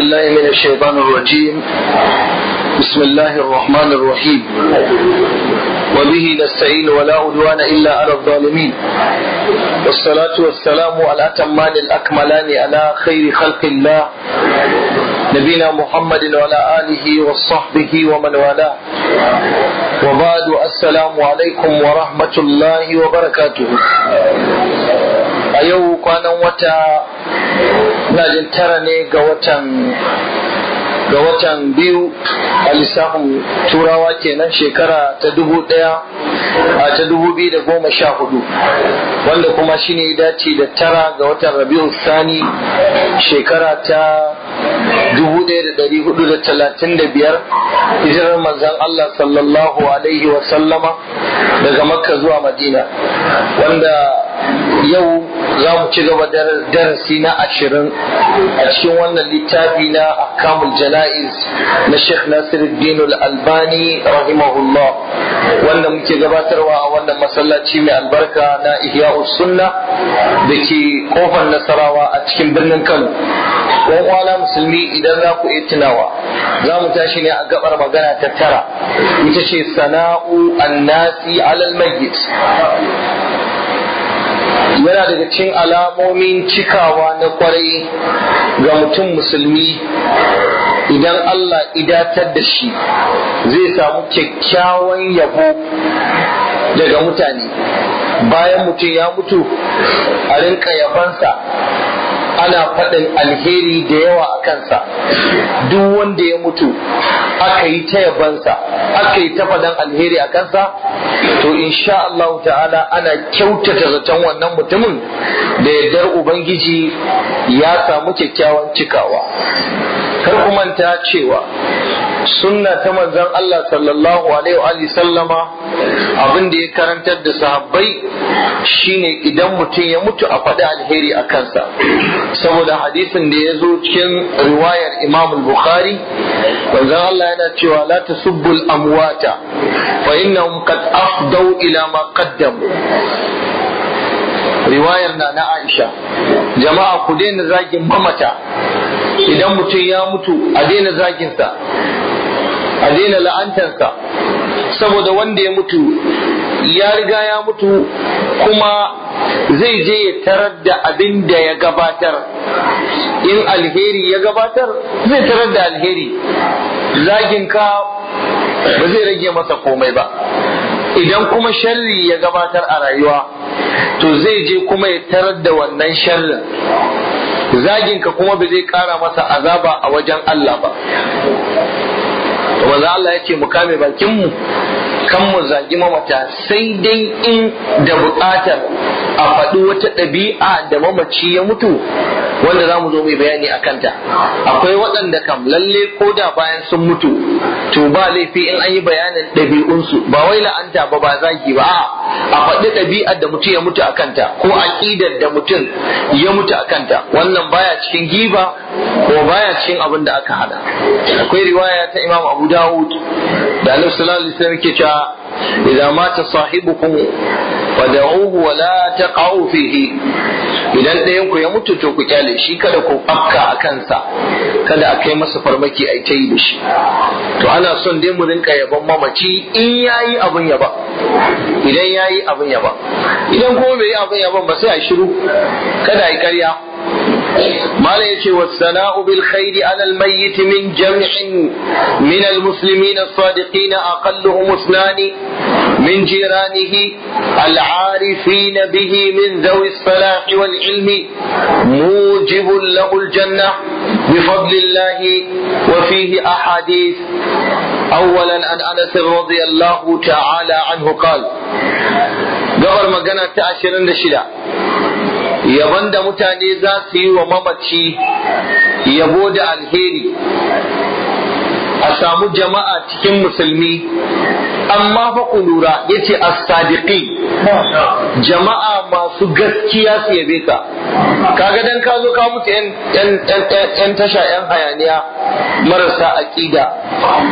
بالله من الشيطان الرجيم بسم الله الرحمن الرحيم وبه نستعين ولا عدوان إلا على الظالمين والصلاة والسلام على أتمان الأكملان على خير خلق الله نبينا محمد وعلى آله وصحبه ومن والاه وبعد السلام عليكم ورحمة الله وبركاته أيوه كان وتا na jin tara ne ga watan biyu a lissafin turawa kenan shekara ta dubu daya a ta dubu biyu da goma sha hudu wanda kuma shine dace da tara ga watan rabiu sani shekara ta dubu daya da dari hudu da talatin da biyar hijirar manzan Allah sallallahu alaihi wasallama daga makka zuwa madina wanda yau za mu ci gaba darasi na ashirin a cikin wannan littafi na akamul jana'iz na sheikh al albani rahimahullah wanda muke gabatarwa a wannan masallaci mai albarka na ihya sunna da ke kofar nasarawa a cikin birnin kano ɗan kwana musulmi idan za ku iya tunawa za mu tashi ne a gabar magana ta tara ita ce sana'u annasi alal mayyit yana daga cikin alamomin cikawa na kwarai ga mutum musulmi idan Allah idatar da shi zai samu kyakkyawan yabo daga mutane bayan mutum ya mutu a rinka yabansa ana faɗin alheri da yawa a kansa duk wanda ya mutu aka yi ta yabansa aka yi ta faɗan alheri a kansa to insha Allah ta'ala ana kyautata zaton wannan mutumin da yardar ubangiji ya samu kyakkyawan cikawa kar ku manta cewa sunna ta manzan Allah sallallahu alaihi wa sallama abin da ya karantar da sahabbai shine idan mutum ya mutu a faɗi alheri a kansa saboda hadisin da ya zo cikin riwayar Imam Bukhari manzon Allah yana cewa la tasubbul amwata fa innahum qad afdau ila ma qaddamu riwayar na na Aisha jama'a ku daina zagin mamata idan mutum ya mutu a daina zaginsa a daina la'antarsa saboda wanda ya mutu ya riga ya mutu kuma zai je ya tarar da abin da ya gabatar in alheri ya gabatar zai tarar da alheri zaginka ba zai rage masa komai ba idan kuma sharri ya gabatar a rayuwa to zai je kuma ya tarar da wannan sharrin zaginka kuma ba zai kara masa azaba a wajen Allah ba Wa manzo Allah ya ce mu kame bakin mu kan mu zagi mamata sai dai in da buƙatar a faɗi wata ɗabi'a da mamaci ya mutu wanda za mu zo mai bayani a kanta akwai waɗanda kam lalle ko da bayan sun mutu to ba laifi in an yi bayanin ɗabi'unsu ba wai la'anta ba ba zagi ba a faɗi ɗabi'ar da mutum ya mutu a kanta ko aƙidar da mutum ya mutu a kanta wannan baya cikin giba ko baya cikin abin da aka hada akwai riwaya ta imam abu dawud da annabi sallallahu alaihi yake cewa idan mata sahibukum wadauhu wa la taqau fihi idan ɗayan ku ya mutu to ku kyale shi kada ku fakka a kansa kada a kai masa farmaki a ta yi da shi to ana son dai mu rinka yaban mamaci in yayi abun yaba idan yayi abun yaba idan kuma bai yi abun yaban ba sai a shiru kada a yi ƙarya ما ليش والثناء بالخير على الميت من جمع من المسلمين الصادقين أقلهم اثنان من جيرانه العارفين به من ذوي الصلاح والعلم موجب له الجنة بفضل الله وفيه أحاديث أولا عن أنس رضي الله تعالى عنه قال قبل ما قنا عشرين شلا yabon da mutane za su yi wa mamaci yabo da alheri a samu jama'a cikin musulmi amma fa ku lura ya ce as jama'a masu gaskiya su yabe ka kaga dan ka zo ka mutu yan tasha yan hayaniya marasa aƙida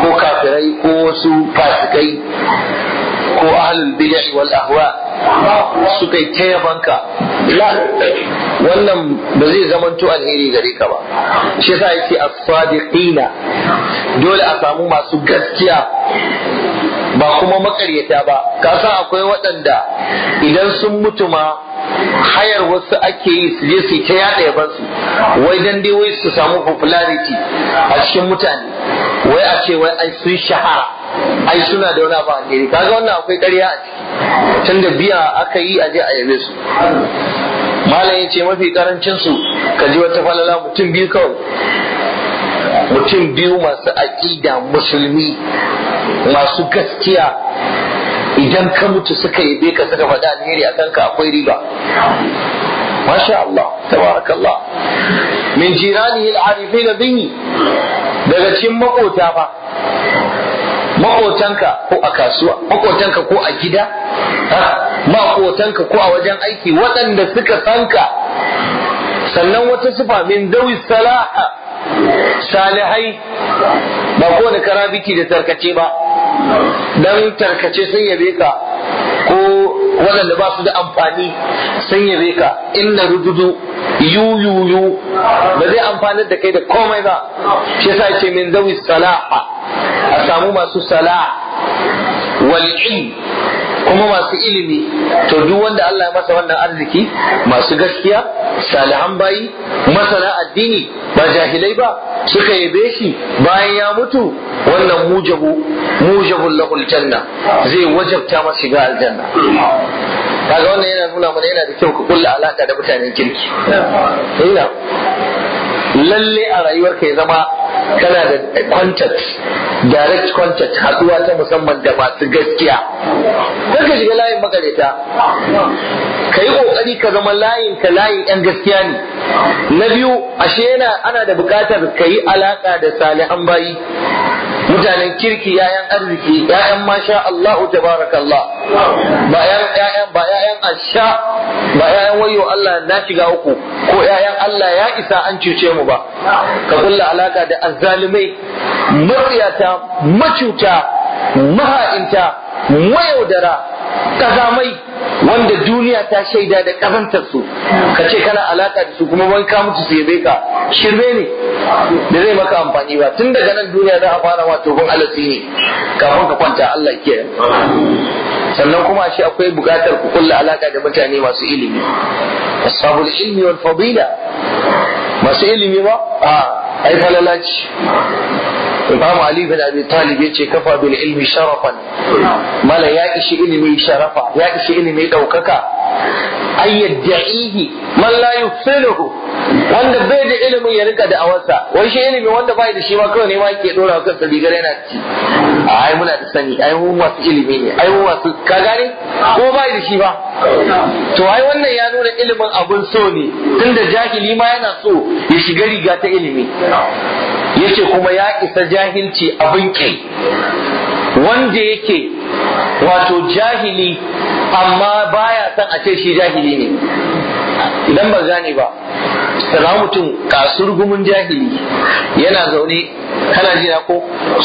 ko kafirai ko wasu fasikai ko ahlul bid'ah wal ahwa' suka yi ta yabanka wannan ba zai zamanto alheri gare ka ba shi yasa yake as-sadiqina dole a samu masu gaskiya ba kuma makaryata ba ka san akwai waɗanda idan sun mutu ma hayar wasu ake yi su je su ta yaɗa yabansu wai dan dai wai su samu popularity a cikin mutane wai a ce wai ai sun shahara ai suna da wani abu alheri kaga wannan akwai ƙarya a ciki tunda biya aka yi aje a yabe su malam ya ce mafi karancin su ka ji wata falala mutum biyu kawai mutum biyu masu aƙida musulmi masu gaskiya idan ka mutu suka yabe ka suka faɗa alheri a kanka akwai riba masha Allah tabarakallah min jirani al arifin bihi daga cikin makota ba makotanka ko a kasuwa makotanka ko a gida makotanka ko a wajen aiki waɗanda suka sanka sannan wata sifa min dawi salaha salihai ba kowane karabiki da tarkace ba dan tarkace sun yabe ka ko waɗanda ba su da amfani sun yi ka inna rududu yu yu yu ba zai amfanar da kai da komai ba shi yasa ce min zawi salaha a samu masu salaha wal'in kuma masu ilimi to duk wanda Allah ya masa wannan arziki masu gaskiya salihan bayi masana addini ba jahilai ba suka yabe shi bayan ya mutu wannan mujabu mujabul lahul janna zai wajabta masa shiga aljanna kaga wannan yana nuna mana yana da kyau ka kulla alaka da mutanen kirki ina lalle a rayuwar ka ya zama kana da contact direct contact haduwa ta musamman da masu gaskiya tsare ta ka yi ƙoƙari ka zama layin ka layin yan gaskiya ne na biyu ashe yana ana da bukatar ka yi alaka da salihan bayi mutanen kirki yayan arziki yayan masha Allahu tabarakallah ba yayan yayan ba yayan asha ba yayan wayo Allah na shiga uku ko yayan Allah ya isa an cuce mu ba ka kulla alaka da azzalumai muryata macuta maha'inta mayaudara kazamai wanda duniya ta shaida da kazantar su ka ce kana alaka da su kuma wani ka su yabe ka shirme ne da zai maka amfani ba tun daga nan duniya za a fara wato gun alasi ne kafin ka kwanta Allah ke sannan kuma shi akwai bukatar ku kulla alaka da mutane masu ilimi ashabul ilmi wal fadila masu ilimi ba a ai imam ali bin abi talib yace kafa bil ilmi sharafan mala ya ishi ilimi sharafa ya ishi ilimi daukaka ay yad'ihi man la yufsiluhu wanda bai da ilimin ya rika da'awarsa wai shi ilimi wanda bai da shi ma kawai ne ma yake dora kansa rigar yana ci ai muna da sani ai mu masu ilimi ne ai mu masu ka gane ko bai da shi ba to ai wannan ya nuna ilimin abun so ne tunda jahili ma yana so ya shiga riga ta ilimi yace kuma ya isa jahilci abin ke wanda yake wato jahili amma baya san a ce shi jahili ne idan ba gane ba sana mutum kasur gumin jahili yana zaune kana jina ko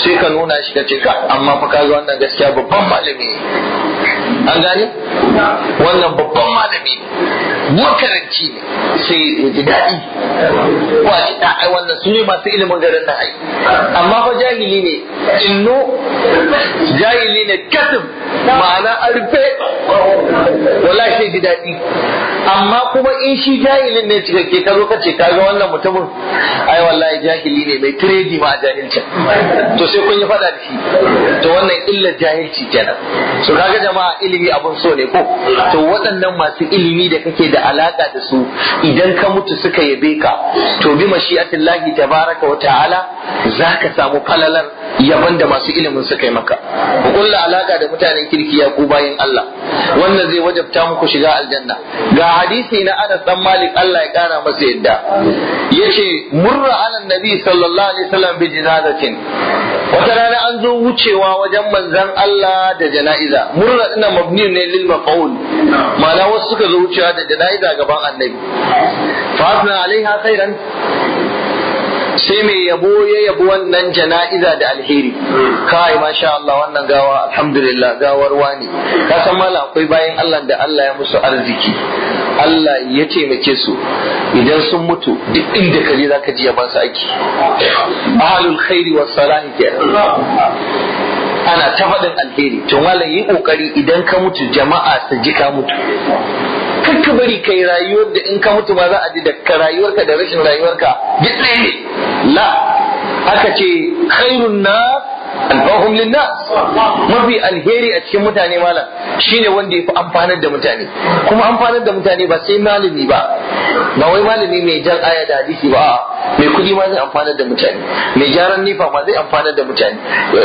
sai ka nuna shi ka ce ka amma fa ka ga wannan gaskiya babban malami ne an gane wannan babban malami makaranci ne sai ya ji daɗi wa ji ai wannan su ne masu ilimin garin na ai amma fa jahili ne inno jahili ne kasim ma'ana arfe wala shi ji daɗi amma kuma in shi jahilin ne cikakke ke zo kace, ka ga wannan mutumin ai wallahi jahili ne mai tredi ma a jahilcin to sai kun yi faɗa da shi to wannan illar jahilci kenan so kaga jama'a ilimi abun so ne ko to waɗannan masu ilimi da kake da alaƙa da su idan ka mutu suka yabe ka to bi mashi'atillahi tabaraka wa ta'ala zaka samu falalar yaban da masu ilimin suka yi maka ku kulla alaka da mutanen kirki ya ku bayin Allah wannan zai wajabta muku shiga aljanna ga hadisi na Anas dan Malik Allah ya kara masa yadda yace murra ala nabi sallallahu alaihi wasallam bi jinazatin wata rana an zo wucewa wajen manzan Allah da jana'iza murra ina mabni ne lil maqul ma'ana wasu suka zo wucewa da jana'iza gaban annabi fa asna alaiha khairan sai mai yabo ya yabo wannan jana'iza da alheri kai masha Allah wannan gawa alhamdulillah gawar wani ka san mala akwai bayan Allah da Allah ya musu arziki Allah ya taimake su idan sun mutu duk inda ka je zaka ji ya ba su aiki ahlul khairi was salahi ana ta faɗin alheri to malam yi kokari idan ka mutu jama'a su ji ka mutu ka bari kai rayuwar da in ka mutu ma za a ji da ka rayuwarka da rashin rayuwarka duk ɗaya ne la aka ce khairun na alfahum linnas mafi alheri a cikin mutane malam shine wanda ya fi amfanar da mutane kuma amfanar da mutane ba sai malami ba ba wai malami mai jan aya da hadisi ba mai kudi ma zai amfana da mutane mai gyaran nifa ma zai amfana da mutane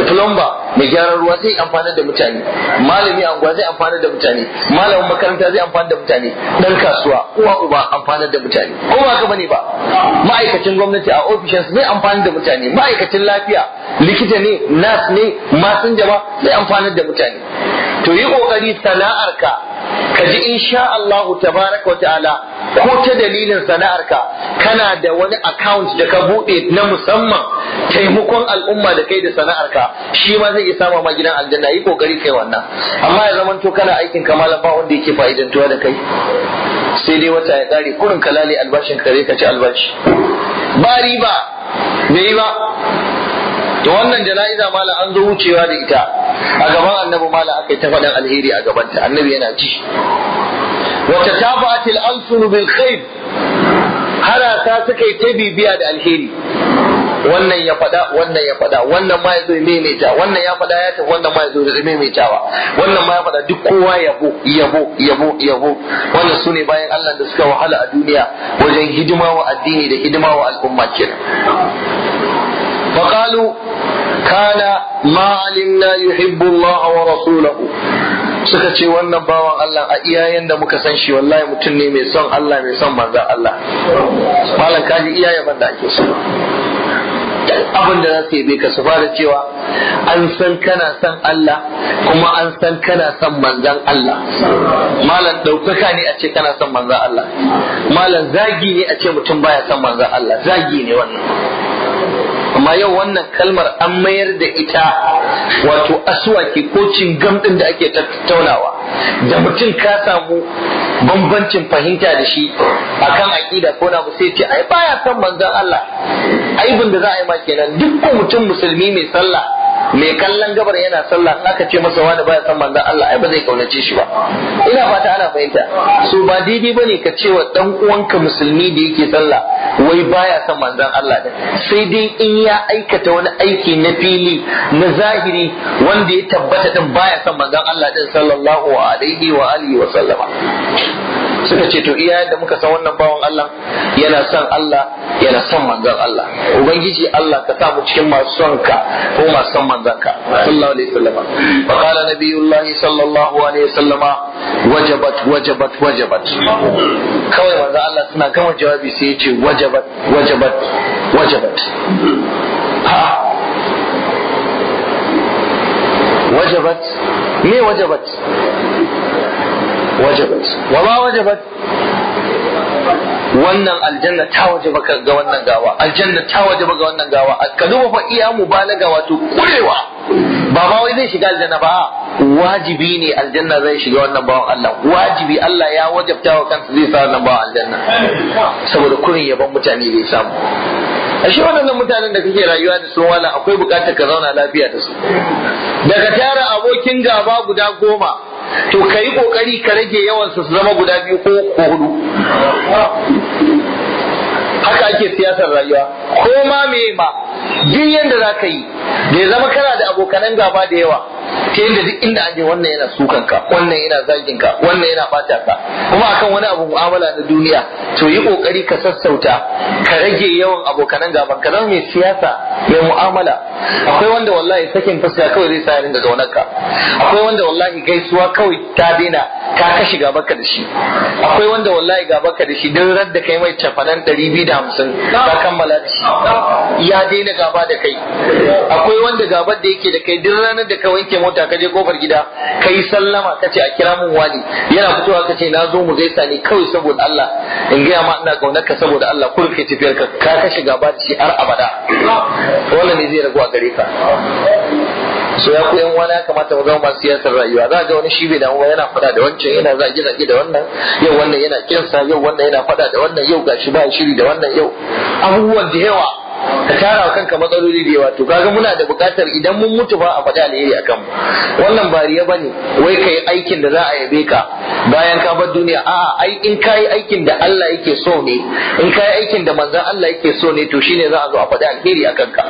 plumber mai gyaran ruwa zai amfana da mutane malami anguwa zai amfana da mutane malamin makaranta zai amfana da mutane dan kasuwa uwa uba amfana da mutane ko ba ka bane ba ma'aikacin gwamnati a ofishin zai amfana da mutane ma'aikacin lafiya likita ne nas ne masinja jama? zai amfana da mutane to yi kokari sana'arka ka ji insha Allahu tabaraka ta'ala ko ta dalilin sana'arka kana da wani account da ka buɗe na musamman taimakon al'umma da kai da sana'arka shi ma zai iya ma gidan aljanna yi kokari kai wannan amma ya zaman to kana aikin kamala ba wanda yake fa'idantuwa da kai sai dai wata ya kare kurin kalali albashin kare ka ci albashi ba riba ba to wannan jana'iza mala an zo wucewa da ita a gaban annabi mala aka yi ta faɗin alheri a gabanta annabi yana ci wata al alsunu bil khair ta suka yi ta bibiya da alheri wannan ya fada wannan ya fada wannan ma ya zo maimaita wannan ya fada ya tafi wannan ma ya zo da maimaitawa wannan ma ya fada duk kowa yabo yabo yabo yabo wannan su ne bayan Allah da suka wahala a duniya wajen hidima wa addini da hidima wa al'umma kenan فقالوا كان ما علمنا يحب الله ورسوله suka ce wannan bawan Allah a iyayen da muka san shi wallahi mutum ne mai son Allah mai son manzan Allah malam kaji iyaye banda ake so abin da za su yabe ka su fara cewa an san kana son Allah kuma an san kana son manzan Allah malam ɗaukaka ne a ce kana son manzan Allah malam zagi ne a ce mutum baya son manzan Allah zagi ne wannan amma yau wannan kalmar an mayar da ita wato aswaki ko cingam din da ake tattaunawa da mutum ka samu bambancin fahimta da shi akan aƙida ko na sai ce ai baya son manzon Allah aibin da za a yi ma kenan dukkan mutum musulmi mai sallah mai kallon gabar yana sallah aka ce masa wani baya san manzon Allah ai ba zai kaunace shi ba ina fata ana fahimta su ba daidai ne ka ce wa dan uwanka musulmi da yake sallah wai baya san manzon Allah da sai dai in ya aikata wani aiki na fili na zahiri wanda ya tabbata din baya san manzon Allah din sallallahu alaihi wa alihi wa sallama suka ce to iya yadda muka san wannan bawan Allah yana son Allah yana son manzon Allah ubangiji Allah ka sa mu cikin masu son ka ko masu son manzon ka sallallahu alaihi wasallam fa qala nabiyullah sallallahu alaihi wasallam wajabat wajabat wajabat kawai manzon Allah suna gama jawabi sai ya ce wajabat wajabat wajabat wajabat me wajabat wajabat wa ma wajabat wannan aljanna ta wajaba ga wannan gawa aljanna ta wajaba ga wannan gawa ka duba fa iya mubalaga wato kurewa ba ma wai zai shiga aljanna ba wajibi ne aljanna zai shiga wannan bawan Allah wajibi Allah ya wajabta wa kansa zai sa wannan bawan aljanna saboda kurin yaban mutane zai samu ashe wannan mutanen da kake rayuwa da su wala akwai buƙatar ka zauna lafiya da su daga tara abokin gaba guda goma to ka yi kokari ka rage yawansa su zama guda biyu ko hudu haka ake siyasar rayuwa ko ma me ma duk yanda za ka yi bai zama kana da abokanan gaba da yawa ke yadda duk inda an je wannan yana sukan ka wannan yana zagin ka wannan yana bata ka kuma akan wani abu mu'amala na duniya to yi kokari ka sassauta ka rage yawan abokanan gaban ka zama mai siyasa mai mu'amala akwai wanda wallahi sakin fuska kawai zai sa ya ringa ka akwai wanda wallahi gaisuwa kawai ta daina ta kashi gaban ka da shi akwai wanda wallahi gaban ka da shi duk ran da kai mai cafanan 250 ka kammala da shi ya daina gaba da kai akwai wanda gaban da yake da kai duk ranar da ka wanke mota ka je kofar gida kai sallama ka ce a kira mun wani yana fitowa ka ce na zo mu zai sani kawai saboda Allah in gaya ma ina kaunar ka saboda Allah kun ke tafiyar ka ka kashe gaba da shi har abada wannan ne zai ragu a gare ka so ya yan wani ya kamata mu zama masu siyasar rayuwa za ga wani shi bai damuwa yana fada da wancan yana zage zage da wannan yau wannan yana kinsa yau wannan yana fada da wannan yau gashi ba shiri da wannan yau abubuwan da yawa ka tara wa kanka matsaloli da yawa to kaga muna da bukatar idan mun mutu ba a faɗi alheri a kanmu wannan ba riya bane wai ka yi aikin da za a yabe ka bayan ka bar duniya a'a ai in yi aikin da Allah yake so ne in ka yi aikin da manzon Allah yake so ne to shine za a zo a faɗi alheri a kanka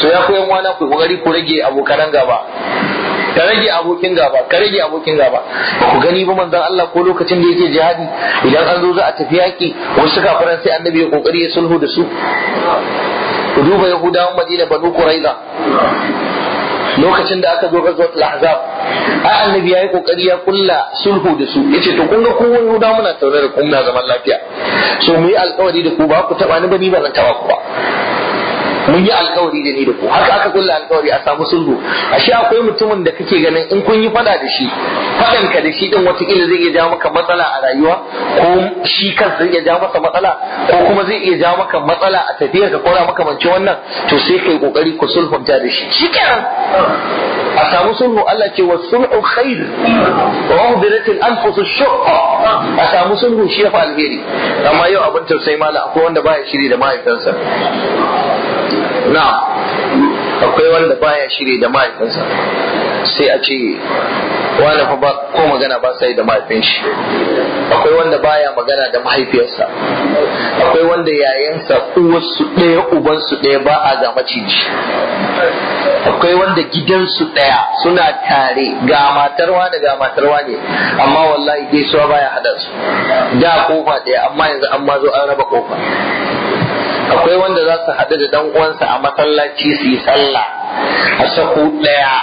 so ya koyan wani ku kokari ku rage abokan gaba ka rage abokin gaba ka rage abokin gaba ba ku gani ba manzon Allah ko lokacin da yake jihadi idan an zo za a tafi yaki wasu kafiran sai annabi ya kokari ya sulhu da su ku duba yahudawan madina banu quraiza lokacin da aka zo gazwatul ahzab a annabi yayi kokari ya kulla sulhu da su yace to kun ga ku yahuda muna tare da ku zaman lafiya so mu yi alƙawari da ku ba ku taba ni ba ni ba zan taba ku ba mun yi alkawari da ni da ku haka aka kulla alkawari a samu sulhu ashe akwai mutumin da kake ganin in kun yi fada da shi fadan ka da shi din watakila zai iya jawo maka matsala a rayuwa ko shi kan zai iya jawo maka matsala ko kuma zai iya jawo maka matsala a tafiyar ka kora maka mance wannan to sai kai kokari ku sulhunta da shi shikenan a samu sulhu Allah ce wa sulhu khair wa uhdirat al anfus al shuqq a samu sulhu shi fa alheri amma yau abin tausayi mala akwai wanda baya shiri da mahaifinsa na'am akwai wanda baya shiri da mahaifinsa sai a ce wani fa ba ko magana ba sai da mahaifin shi akwai wanda baya magana da mahaifiyarsa akwai wanda yayansa uwarsu ɗaya su ɗaya ba a ga maciji akwai wanda gidansu ɗaya suna tare ga matarwa da ga matarwa ne amma wallahi gaisuwa baya hada su da kofa ɗaya amma yanzu an zo an raba kofa akwai wanda za su haɗu da dan uwansa a masallaci su yi sallah a sako ɗaya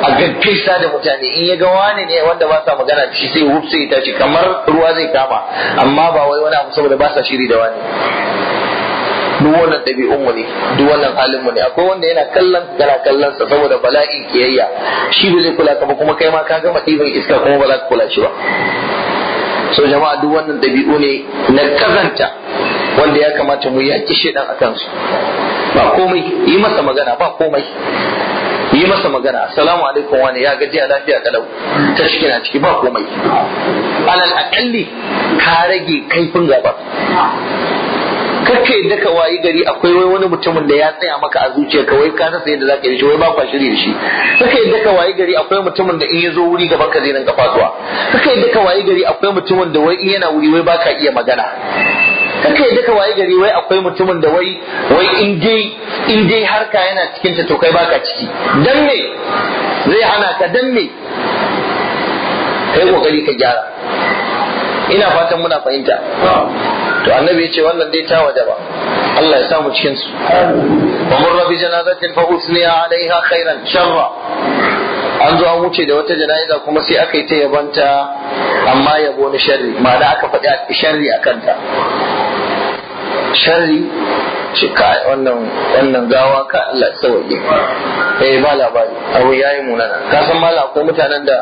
a gaggesa da mutane in ya ga wani ne wanda ba sa magana shi sai wuf sai tashi kamar ruwa zai kama amma ba wai wani abu saboda ba sa shiri da wani duk wannan ɗabi'un mu ne duk wannan halin mu ne akwai wanda yana kallon kana kallon sa saboda bala'i kiyayya shi ba zai kula ka ba kuma kai ma ka gama ɗiban iska kuma ba za ka kula shi ba so jama'a duk wannan ɗabi'u ne na kazanta wanda ya kamata mu yaƙi shaidan a kansu ba komai yi masa magana ba komai yi masa magana assalamu alaikum wani ya gaji a lafiya kalau ta shi na ciki ba komai alal akalli ka rage kaifin gaba kakka yadda ka wayi gari akwai wai wani mutumin da ya tsaya maka a zuciya ka wai ka rasa yadda zaka yi shi wai ba kwa shiri da shi kakka yadda ka wayi gari akwai mutumin da in ya zo wuri gaban ka zai kafa zuwa kakka yadda ka wayi gari akwai mutumin da wai in yana wuri wai baka iya magana kakka yadda ka wayi gari wai akwai mutumin da wai wai in dai in dai harka yana cikin ta to kai baka ciki dan me zai hana ka dan me kai kokari ka gyara ina fatan muna fahimta to annabi yace wannan dai ta ba, Allah ya samu cikin su wa murra bi janazatin fa usniya alaiha khairan sharra an zo an wuce da wata jana'iza kuma sai aka yi ta yabanta amma yabo na sharri da aka faɗi sharri a kanta sharri shi ka wannan wannan gawa ka Allah sauke eh ba labari abu yayi munana ka san mala akwai mutanen da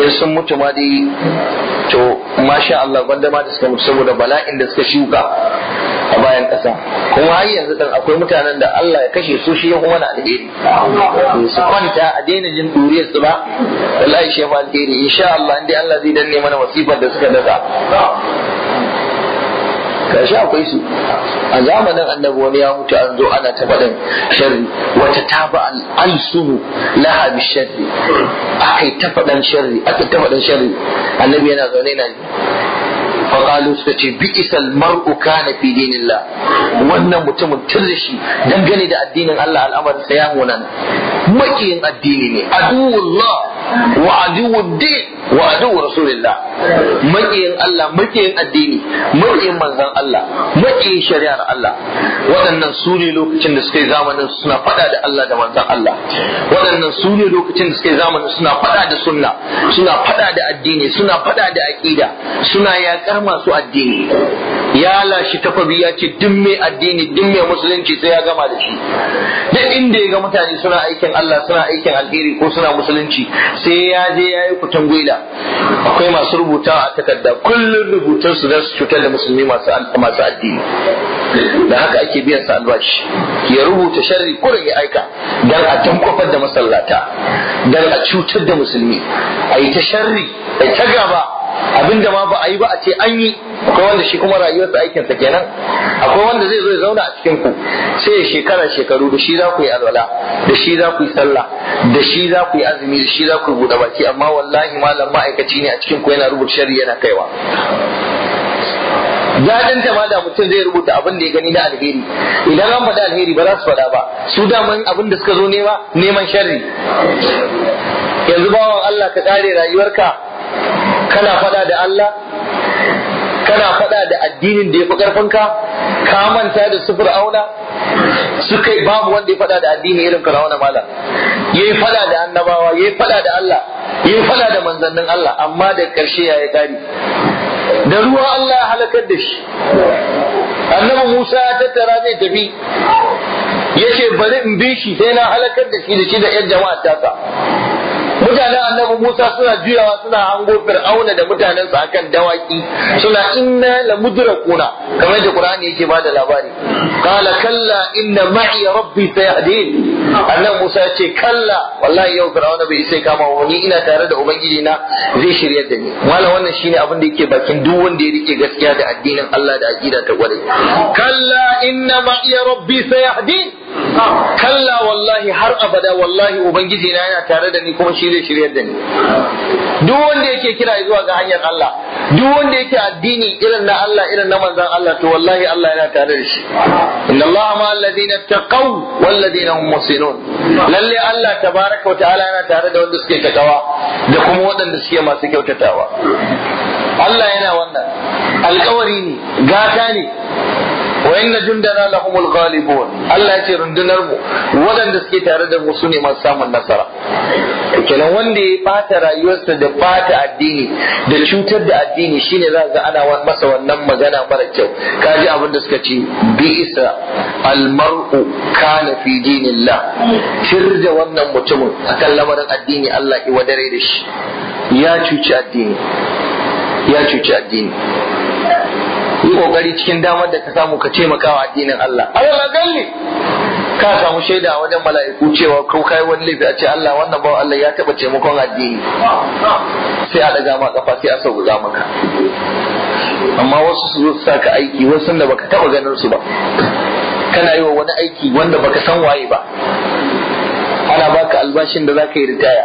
in sun mutu ma dai to masha Allah banda ma da suka mutu saboda bala'in da suka shuka a bayan ƙasa kuma har yanzu dan akwai mutanen da Allah ya kashe su shi kuma na alheri su kwanta a daina jin duriyar su ba wallahi shi ma alheri insha Allah indai Allah zai danne mana wasifar da suka dasa gashi akwai su a zamanin annabi wani ya mutu an zo ana ta faɗin sharri wata ta ba alsunu laha bi sharri akai ta faɗan sharri akai ta faɗan sharri annabi yana zaune na faƙalu suka ce bi'isal mar'u kana fi dinillah wannan mutumin tun tirshi dangane da addinin Allah al'amarin sa ya munana makiyin addini ne aduwullah wa aduwuddin wa adu rasulillah makiyin Allah makiyin addini makiyin manzan Allah makiyin shari'ar Allah waɗannan su ne lokacin da suka yi zamanin suna faɗa da Allah da manzan Allah waɗannan su ne lokacin da suka yi zamanin suna faɗa da sunna suna faɗa da addini suna faɗa da aƙida suna yaƙar masu addini ya shi tafabi ya ce duk mai addini duk mai musulunci sai ya gama da shi duk inda ya ga mutane suna aikin Allah suna aikin alheri ko suna musulunci sai ya je ya yi kutan gwila akwai masu rubuta a takarda kullum rubutun su su cutar da musulmi masu addini da haka ake biyan sa albashi ya rubuta sharri kura ya aika dan a tankofar da masallata don a cutar da musulmi a yi ta sharri a ta gaba abinda ma ba a yi ba a ce an yi akwai wanda shi kuma rayuwarsa aikinsa kenan akwai wanda zai zo ya zauna a cikin ku sai shekara shekaru da shi za ku yi alwala da shi za ku yi sallah da shi za ku yi azumi da shi za ku buɗe baki amma wallahi malam ma'aikaci ne a cikin ku yana rubuta sharri yana kaiwa daɗin ta ma da mutum zai rubuta abin da ya gani na alheri idan an faɗi alheri ba za su faɗa ba su daman abin da suka zo nema neman sharri yanzu bawan Allah ka kare rayuwarka kana faɗa da Allah kana faɗa da addinin da ya fi ƙarfinka ka manta da su fir'auna su kai babu wanda ya faɗa da addini irin fir'auna mala ya yi faɗa da annabawa ya yi faɗa da Allah ya yi faɗa da manzannin Allah amma da ƙarshe ya yi ƙari da ruwa Allah ya halakar da shi annabi Musa ya tattara zai tafi ya ce bari in bi shi sai na halakar da shi da shi da 'yan jama'a tasa mutanen annabi Musa suna juyawa suna hango Fir'auna da mutanensa akan dawaki suna inna la mudrakuna kamar da Qur'ani yake bada labari qala kalla inna ma'i rabbi sayahdin annabi Musa ya ce kalla wallahi yau Fir'auna bai isa kama wani ina tare da ubangiji na zai shiryar da ni wala wannan shine abin da yake bakin duk wanda ya rike gaskiya da addinin Allah da aqida ta kwarai kalla inna ma'i rabbi sayahdin kalla wallahi har abada wallahi ubangiji na yana tare da ni kuma shi zai shiryar da ni duk wanda yake kira zuwa ga hanyar Allah duk wanda yake addini irin na Allah irin na manzon Allah to wallahi Allah yana tare da shi inna Allah ma alladhina taqaw wal hum muhsinun lalle Allah tabaraka wa ta'ala yana tare da wanda suke takawa da kuma waɗanda suke masu kyautatawa Allah yana wannan alkawari ne gata ne wa inna jundana lahumul ghalibun Allah ya ce rundunar mu waɗanda suke tare da mu su ne masu samun nasara kenan wanda ya bata rayuwarsa da bata addini da cutar da addini shine za ga ana masa wannan magana mara kyau kaji abin da suka ce bi isa almar'u kana fi dinillah shirja wannan mutumin akan lamarin addini Allah ya wadare da shi ya cuci addini ya cuci addini yi kokari cikin damar da ka samu ka taimaka wa addinin Allah Allah galli ka samu shaida a wajen mala'iku cewa ko kai wani laifi a ce Allah wannan bawa Allah ya taba taimakon addini sai a daga ma kafa sai a sauka maka amma wasu su zo su saka aiki wasu da baka taba ganin su ba kana yi wa wani aiki wanda baka san waye ba ana baka albashin da zaka yi ritaya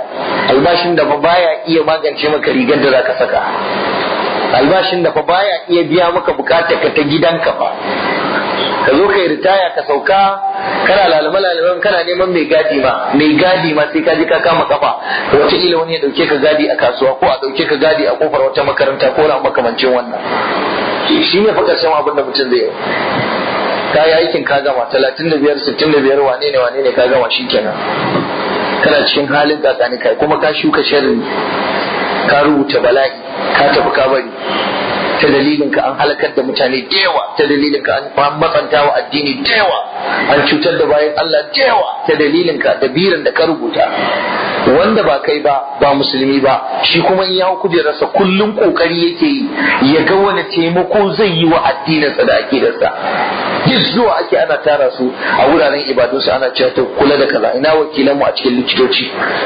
albashin da ba baya iya magance maka rigar da zaka saka albashin da fa baya iya biya maka bukatar ka ta gidanka fa ka zo ka yi ritaya ka sauka kana lalama lalaman kana neman mai gadi ma mai gadi ma sai ka ji ka kama kafa wata ila wani ya dauke ka gadi a kasuwa ko a dauke ka gadi a kofar wata makaranta ko ran makamancin wannan shi ne fa karshen abin da mutum zai yi ka yi aikin ka gama talatin da biyar sittin da biyar wane ne wane ne ka gama shi kenan kana cikin halin tsakani kai kuma ka shuka shirin ka rubuta bala'i ka tafi kabari ta dalilin ka an halakar da mutane da yawa ta dalilin ka an mabanta wa addini da yawa an cutar da bayan Allah da yawa ta dalilin ka da biran da ka rubuta wanda ba kai ba ba musulmi ba shi kuma in ya kujerarsa kullum kokari yake yi ya ga wani taimako zai yi wa addinin sa da sa duk zuwa ake ana tara su a wuraren ibadun su ana cewa kula da kaza ina wakilanmu a cikin likitoci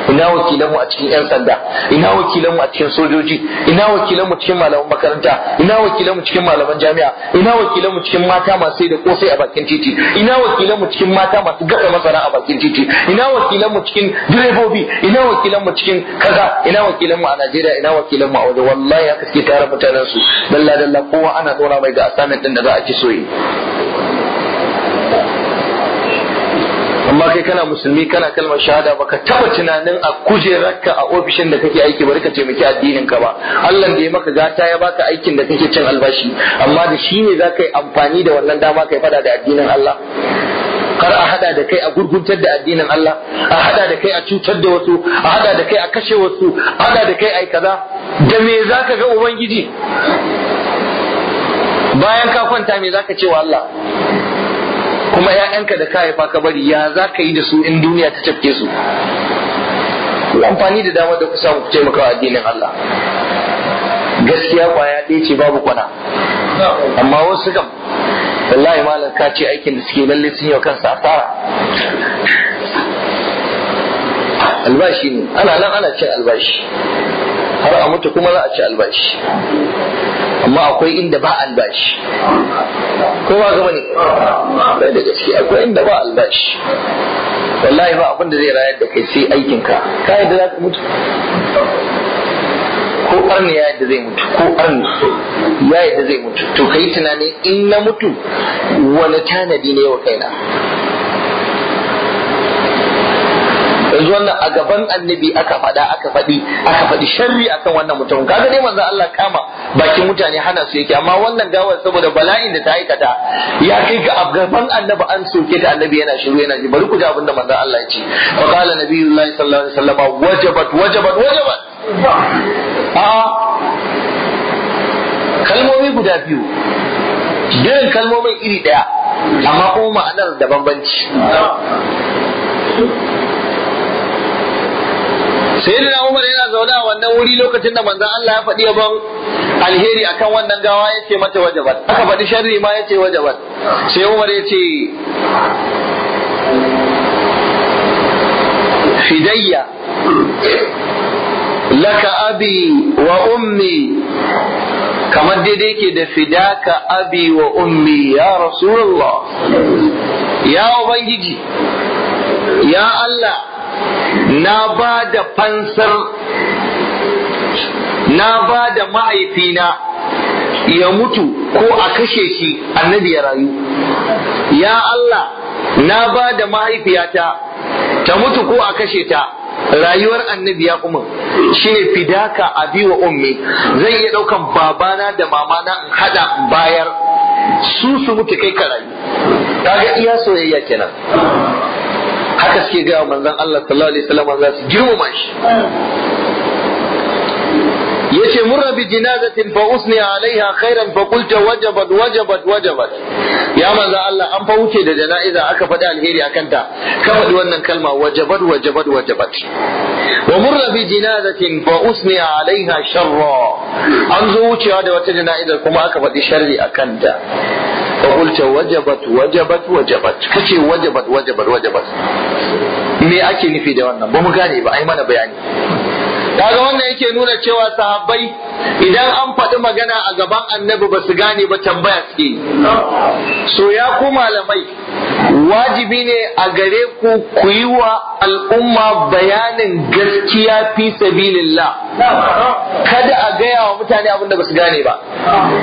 ina wakilanmu a cikin yan sanda ina wakilanmu a cikin sojoji ina wakilanmu cikin malaman makaranta ina wakilan mu cikin malaman jami'a ina wakilan mu cikin mata masu da kosai a bakin titi ina wakilan mu cikin mata masu gasa masara a bakin titi ina wakilan mu cikin direbobi ina wakilan mu cikin kaza ina wakilan mu a Najeriya ina wakilan mu a waje wallahi haka suke tare mutanen su dalla dalla kowa ana dora mai ga assignment din da za a ci soyi amma kai kana musulmi kana kalmar shahada baka taba tunanin a kujerarka a ofishin da kake aiki bari ka taimaki addinin ka ba Allah da ya maka gata ya baka aikin da kake cin albashi amma da shi ne zaka yi amfani da wannan dama kai fada da addinin Allah kar a hada da kai a gurguntar da addinin Allah a hada da kai a cutar da wasu a hada da kai a kashe wasu a hada da kai ai kaza da me zaka ga ubangiji bayan ka kwanta me zaka ce wa Allah kuma ‘ya'yanka da ka haifa ka bari ya za ka yi da su in duniya ta cafke su amfani da dama da kusa samu ku taimaka addinin Allah gaskiya kwaya ɗaya ce babu kwana amma wasu kam wallahi malam ka ce aikin da suke lalle sun wa kansa asara albashi ne ana nan ana cin albashi har a mutu kuma za a ci albashi amma akwai inda ba albashi ko ba gaba ne ba da gaske akwai inda ba albashi wallahi ba abin da zai rayar da kai sai aikinka ka yadda za ka mutu ko arni ya yadda zai mutu ko arni ya yadda zai mutu to kai tunani in na mutu wani tanadi ne wa kaina yanzu wannan a gaban annabi aka faɗa aka faɗi aka faɗi sharri akan wannan mutumin kaga dai manzo Allah kama bakin mutane hana su yake amma wannan gawar saboda bala'in da ta aikata ya kai ga gaban annabi an soke ta annabi yana shiru yana ji bari ku ji abin da manzo Allah ya ce fa qala nabiyullahi sallallahu alaihi wasallam wajabat wajabat wajabat a kalmomi guda biyu jirin kalmomin iri daya amma kuma ma'anar da bambanci Sai na Umar yana zaune a wannan wuri lokacin da manzan Allah ya faɗi yaban alheri akan wannan gawa ya ce mata wajabat aka faɗi sharri ma ce wajabat sai Umar ya ce. fidayya laka abi wa ummi kamar daidai ke da fidaka abi wa ummi ya rasulullah ya ubangiji ya Allah na ba da fansar na ba da ma'aifina ya mutu ko a kashe shi annabi ya rayu ya Allah na ba da mahaifiyata ta mutu ko a kashe ta rayuwar annabi ya kuma ne fidaka abi wa ummi zan iya daukan babana da mamana in hada bayar su su mutu kai ka rayu kaga iya soyayya kenan haka suke ga manzon Allah sallallahu alaihi wasallam za su girmama shi yace murra bi jinazatin fa usni alaiha khairan fa qulta wajabat wajabat wajabat ya manzo Allah an fa wuce da jana'iza aka faɗi alheri akan ta ka faɗi wannan kalma wajabat wajabat wajabat wa murra bi jinazatin fa usni alaiha sharra an zo wucewa da wata jana'iza kuma aka faɗi sharri akan ta fakulta wajabat wajabat wajabat kace wajabat wajabat wajabat me ake nufi da wannan ba mu gane ba mana bayani kaga wannan yake nuna cewa sahabbai idan an faɗi magana a gaban annabi ba su gane ba tambaya suke so ya ku malamai wajibi ne a gare ku ku yi wa al'umma bayanin gaskiya fi sabilillah kada a gaya wa mutane abin da ba su gane ba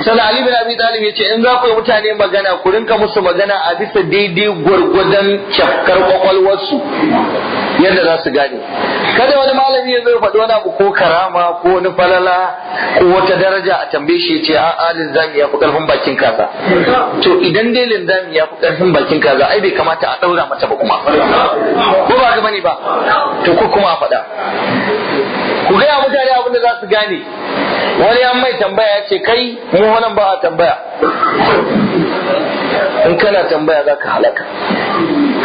sannan ali bin abi talib ya ce in za ku yi mutane magana ku rinka musu magana a bisa daidai gwargwadon cafkar kwakwalwarsu yadda za su gane kada wani malami ya zo faɗi wani abu ko karama ko wani falala ko wata daraja a tambaye shi ce a a'a linzami ya fi karfin bakin kaza to idan dai linzami ya fi karfin bakin kaza ai bai kamata a daura mata ba kuma ko ba ga bane ba to ko kuma a faɗa ku gaya mutane abin da za su gane wani an mai tambaya ya ce kai mu wannan ba a tambaya in kana tambaya za ka halaka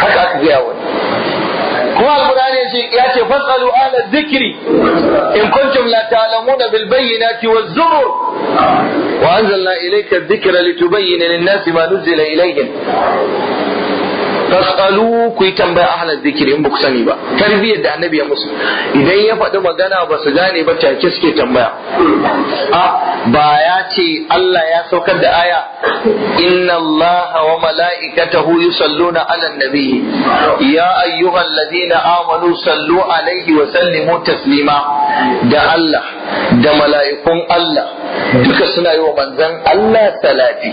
haka aka gaya wani كما القرآن يأتي فاسألوا أهل الذكر إن كنتم لا تعلمون بالبينات والزور وأنزلنا إليك الذكر لتبين للناس ما نزل إليهم fasalu ku yi tambaya ahalar zikiri in ku sani ba tarbiyyar da annabi ya musu idan ya faɗi magana ba su gane ba take suke tambaya a ba ya ce Allah ya saukar da aya inna Allah wa mala'ikatahu yusalluna ala nabi ya ayyuhal ladina amanu sallu alaihi wa sallimu taslima da Allah da mala'ikun Allah duka suna yi wa manzon Allah salati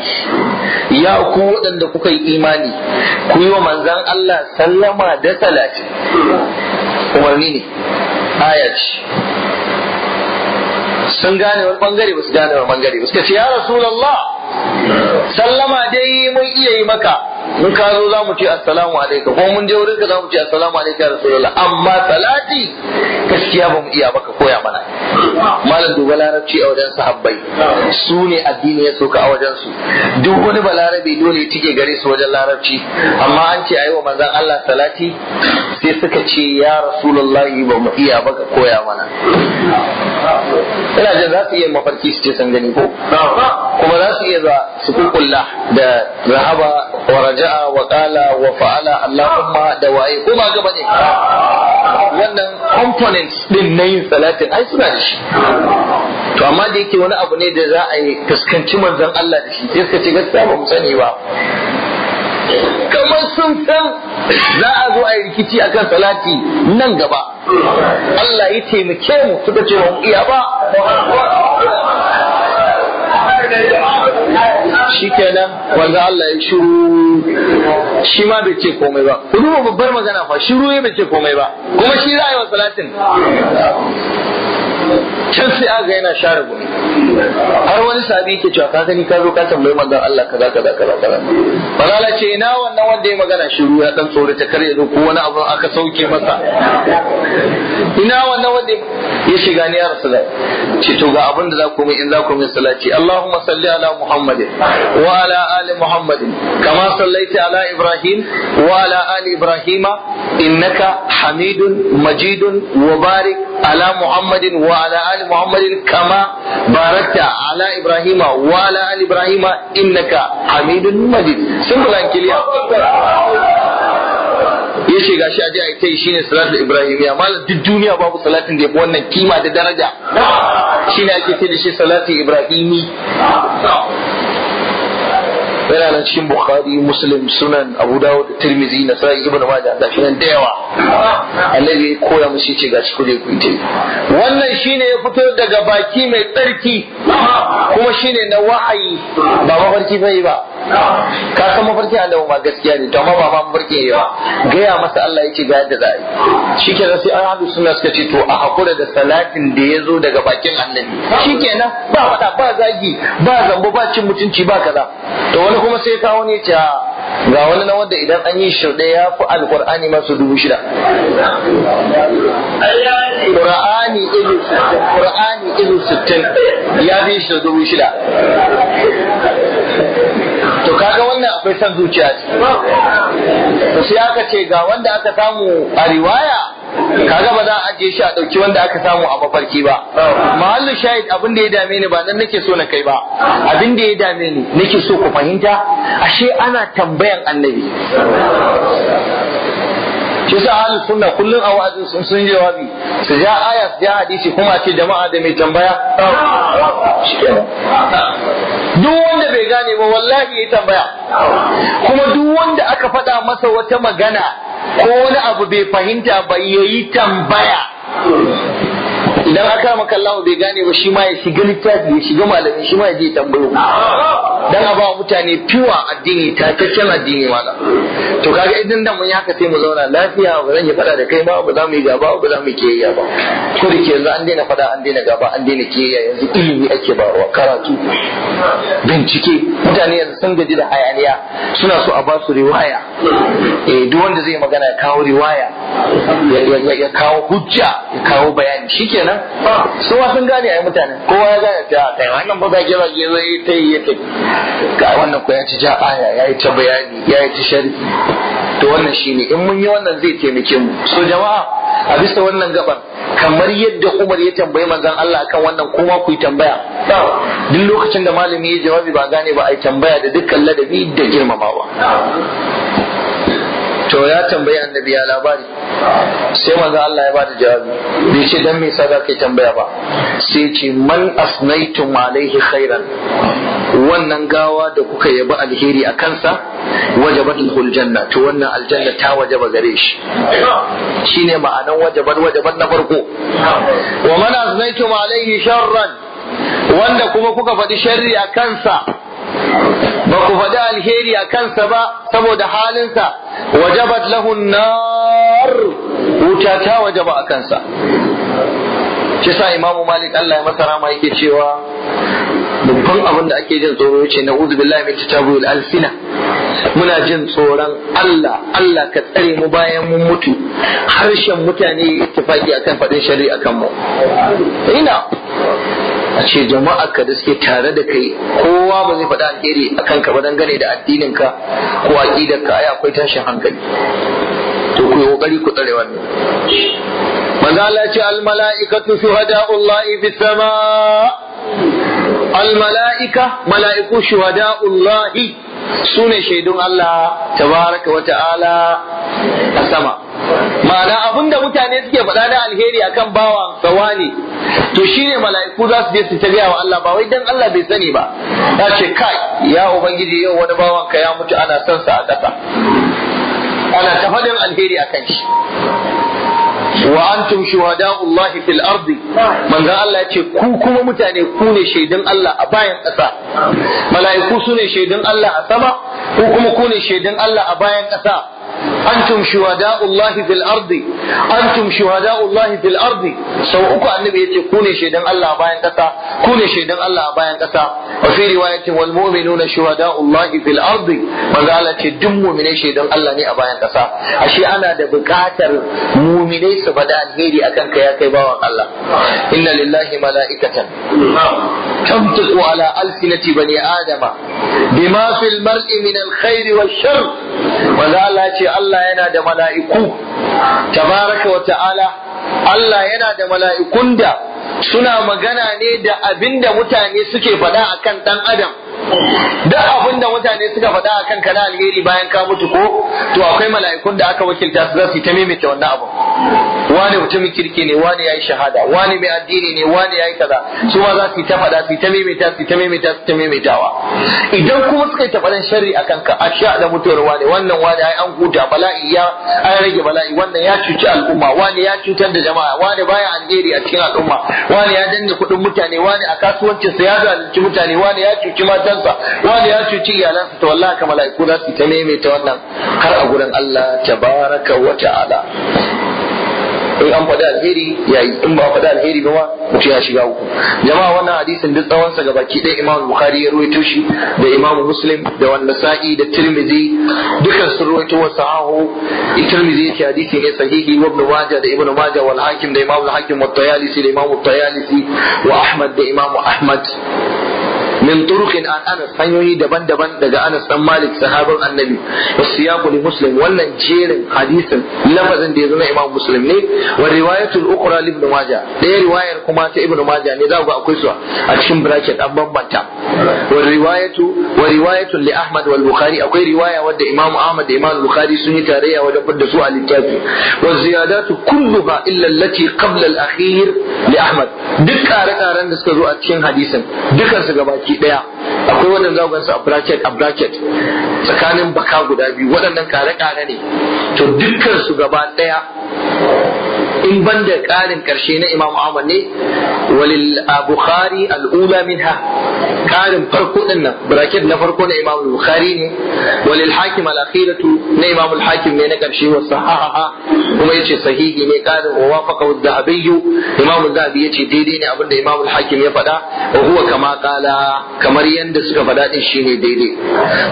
ya ku waɗanda kuka yi imani ku yi wa manzan Allah sallama da salati umarni ne aya ce sun gane wani bangare ba su gane wani bangare ba suka ce ya rasulallah sallama dai mun iya yi maka in ka zo za mu ce assalamu alaikum ko mun je wurin ka za mu ce assalamu alaikum ya rasulullah amma salati gaskiya ba mu iya baka koya mana malam duba larabci a wajen sahabbai su ne addini ya soka a wajen su duk wani balarabe dole tike gare su wajen larabci amma an ce ayi wa manzon Allah salati sai suka ce ya rasulullah ba mu iya baka koya mana ina jin za su iya mafarki su ce sun gani ko kuma za su iya zuwa su kukulla da rahaba wa raja'a wa qala wa fa'ala allahumma da waye ko ba gaba ne wannan components din na yin salatin ai suna da shi to amma da yake wani abu ne da za a yi fuskanci manzon Allah da shi sai suka ce gaskiya ba mu sani ba kamar sun san za a zo a yi rikici akan salati nan gaba Allah ya taimake mu suka ce ba mu iya ba shi kenan wanzu Allah ya shiru shi ma bai ce komai ba ku duba babbar magana fa shiru ya bai ce komai ba kuma shi za a yi wa salatin can sai aga yana share gumi har wani sahabi yake cewa ka gani ka zo ka tambayi manzon Allah kaza kaza kaza kaza manala ce ina wannan wanda ya magana shiru ya dan tsorata kar ya ko wani abu aka sauke masa ina wannan wanda ya shiga ni ya rasulullah ce to ga abin da za ku mai in za ku mai salati Allahumma salli ala Muhammadin wa ala ali Muhammadin kama sallaita ala Ibrahim wa ala ali Ibrahim innaka hamidun majidun wa barik ala Muhammadin wa ala ali Muhammadin kama barakta barakta ala ibrahima wa ala ali ibrahima innaka hamidun majid simple and clear yace gashi aje ai kai shine salatul ibrahimiya malam duk duniya babu salatin da yafi wannan kima da daraja Shi ne ake ce da shi salati ibrahimi yana nan cikin bukhari muslim sunan abu dawud tirmizi na sa'i ibnu majah da shi da yawa annabi koya shi ce shi kuje ku wannan shine ya fito daga baki mai tsarki kuma shine na wa'ayi ba mafarki bai ba ka san mafarki allah ma gaskiya ne to amma ba ma mafarki ne ba gaya masa Allah yake ga yadda zai shikenan sai an haɗu suna suka ce to a hakura da salatin da ya zo daga bakin annabi shikenan ba fada ba zagi ba zambo ba cin mutunci ba kaza to wani kuma sai kawo ne ce ga wani na wanda idan an yi shirɗe ya fi alƙur'ani masu dubu shida ƙur'ani ilu ƙur'ani ilu sittin ya fi shi dubu shida to kaga wannan akwai son zuciya ce sai aka ce ga wanda aka samu a riwaya kaga ba za a ajiye shi a ɗauki wanda aka samu a mafarki ba mahallu shahid abin da ya dame ni ba nan nake so na kai ba abin da ya dame ni nake so ku fahimta ashe ana tambayan annabi shi sa ahli sunna kullun a wa'azin sun sun jawabi su ja aya su ja hadisi kuma ce jama'a da mai tambaya duk wanda bai gane ba wallahi yayi tambaya kuma duk wanda aka faɗa masa wata magana ko wani abu bai fahimta ba yayi tambaya idan aka maka Allah bai gane ba shi ma ya shiga littafi ya shiga malami shi ma ya je tambayo dan a ba mutane fiwa addini tataccen addini mala to kaga idan da mun yi haka sai mu zauna lafiya ba zan yi fada da kai ba ba za mu yi gaba ba za mu yi kiyayya ba ko da ke yanzu an daina fada an daina gaba an daina kiyayya yanzu ilimi ake ba wa karatu bincike mutane yanzu sun gaji da hayaniya suna so a ba su riwaya eh duk wanda zai magana ya kawo riwaya ya kawo hujja ya kawo bayani shikenan su ma sun gane ai mutane kowa ya gane ta kai wannan ba zage zage zai ta yi yake ga wannan ko ya ci ja aya ya yi ta bayani ya yi ta shari to wannan shine in mun yi wannan zai taimake mu so jama'a a bisa wannan gaban kamar yadda Umar ya tambayi manzon Allah akan wannan kuma ku yi tambaya duk lokacin da malami ya jawabi ba gane ba ai tambaya da dukkan ladabi da girmamawa to ya tambayi annabi ya labari sai manzo Allah ya bada jawabi bai ce dan me yasa za ka tambaya ba sai ce man asnaitum alaihi khairan wannan gawa da kuka yabi alheri a kansa wajabatul janna. to wannan aljanna ta wajaba gare shi shine ma'anan wajabar wajabar na farko wa man asnaitum alaihi sharran wanda kuma kuka faɗi sharri a kansa ba ku faɗi alheri a kansa ba saboda halinsa wajabat lahun nar wuta ta wajaba a kansa shi sa imamu malik Allah ya masa rama yake cewa babban abin da ake jin tsoro ce na uzu billahi min tatabu alsina muna jin tsoron Allah Allah ka tsare mu bayan mun mutu harshen mutane ya ittifaki akan faɗin shari'a kan mu ina a ce jama'a ka da suke tare da kai kowa ba zai faɗa alheri a kanka ba dangane da addinin ka ko aƙidar ka ai akwai tashin hankali to ku yi ƙoƙari ku tsare wannan manzo Allah ce al mala'ikatu shuhada'ullahi bis sama al mala'ika mala'iku shuhada'ullahi sune shaidun Allah tabaraka wa ta'ala a sama ma'ana abinda mutane suke faɗa na alheri akan bawa sawa ne to shine mala'iku za su je su ta wa Allah ba wai dan Allah bai sani ba ya ce kai ya ubangiji yau wani bawan ka ya mutu ana son sa a ƙasa ana ta faɗin alheri akan shi wa antum shuhada'u fil ardi manzo Allah yace ku kuma mutane ku ne shaidan Allah a bayan ƙasa mala'iku su ne shaidan Allah a sama ku kuma ku ne shaidan Allah a bayan kasa. antum shuhada'ullahi fil ardi antum shuhada'ullahi fil ardi sau uku annabi yace ku ne shaidan Allah bayan kasa ku ne shaidan Allah bayan kasa wa fi riwayatin wal mu'minuna shuhada'ullahi fil ardi manzo Allah ce duk mu'minai shaidan Allah ne a bayan kasa ashe ana da buƙatar mu'minai su faɗa alheri akan ka ya kai bawan Allah inna lillahi mala'ikatan تنطق على ألسنة بني آدم بما في المرء من الخير والشر وذا ce. Allah yana da mala'iku tabaraka wa ta'ala Allah yana da mala'ikun da suna magana ne da abin da mutane suke faɗa akan ɗan adam duk abin da mutane suka faɗa akan kana na alheri bayan ka mutu ko to akwai mala'ikun da aka wakilta su za su ta mimita wannan abu wani mutumin kirki ne wani yayi shahada wani mai addini ne wani yayi kaza su ma za su ta faɗa su ta mimita su ta mimita su ta maimaitawa idan kuma suka yi ta faɗan sharri akan ka a sha da mutuwar wani wannan wani ai an huta bala'i ya ai rage bala'i wannan ya cuci al'umma wani ya cutar da jama'a wani baya alheri a cikin al'umma wani ya danne kuɗin mutane wani a kasuwancinsa ya zalunci mutane wani ya cuci ma matansa wani ya cuci iyalansa to wallahi ka mala'iku za su ta maimaita wannan har a gurin Allah tabaraka wa ta'ala in an faɗi alheri yayi in ba faɗi alheri ba ma ya shiga uku jama'a wannan hadisin duk tsawon sa gabaki ɗaya imam bukhari ya ruwaito shi da imam muslim da wanda sa'i da tirmidhi dukkan sun ruwaito wa sahahu tirmidhi yake hadisi ne sahihi wa ibn majah da ibn majah wal hakim da imam al hakim wa tayalisi da imam tayalisi wa ahmad da imam ahmad min turuqin an anas hanyoyi daban-daban daga anas dan malik sahabin annabi wasiyaqu li muslim wannan jerin hadisin lafazin da ya zama imam muslim ne wa riwayatul ukhra li ibn majah ɗaya riwayar kuma ta ibn majah ne za ku akwai su a cikin bracket an bambanta wa riwayatu wa li ahmad wal bukhari akwai riwaya wadda imam ahmad da imam bukhari sun yi tarayya wajen fadda su a littafi wa ziyadatu kulluha illa allati qabla al akhir li ahmad duk kare-karen da suka zo a cikin hadisin dukansu gabaki baki daya akwai wannan za a bracket a bracket tsakanin baka guda biyu waɗannan kare-kare ne to dukkan su gaba daya in banda ƙarin ƙarshe na Imam Ahmad ne walil Bukhari al minha ƙarin farko din nan bracket na farko na Imam Bukhari ne walil Hakim al-akhiratu na Imam al-Hakim ne na ƙarshe wa sahaha kuma yace sahihi ne ƙarin wa wafaqa az-Zahabi Imam al zahabi yace daidai ne abinda Imam al-Hakim ya faɗa wa huwa kama qala kamar yanda suka faɗa din shine daidai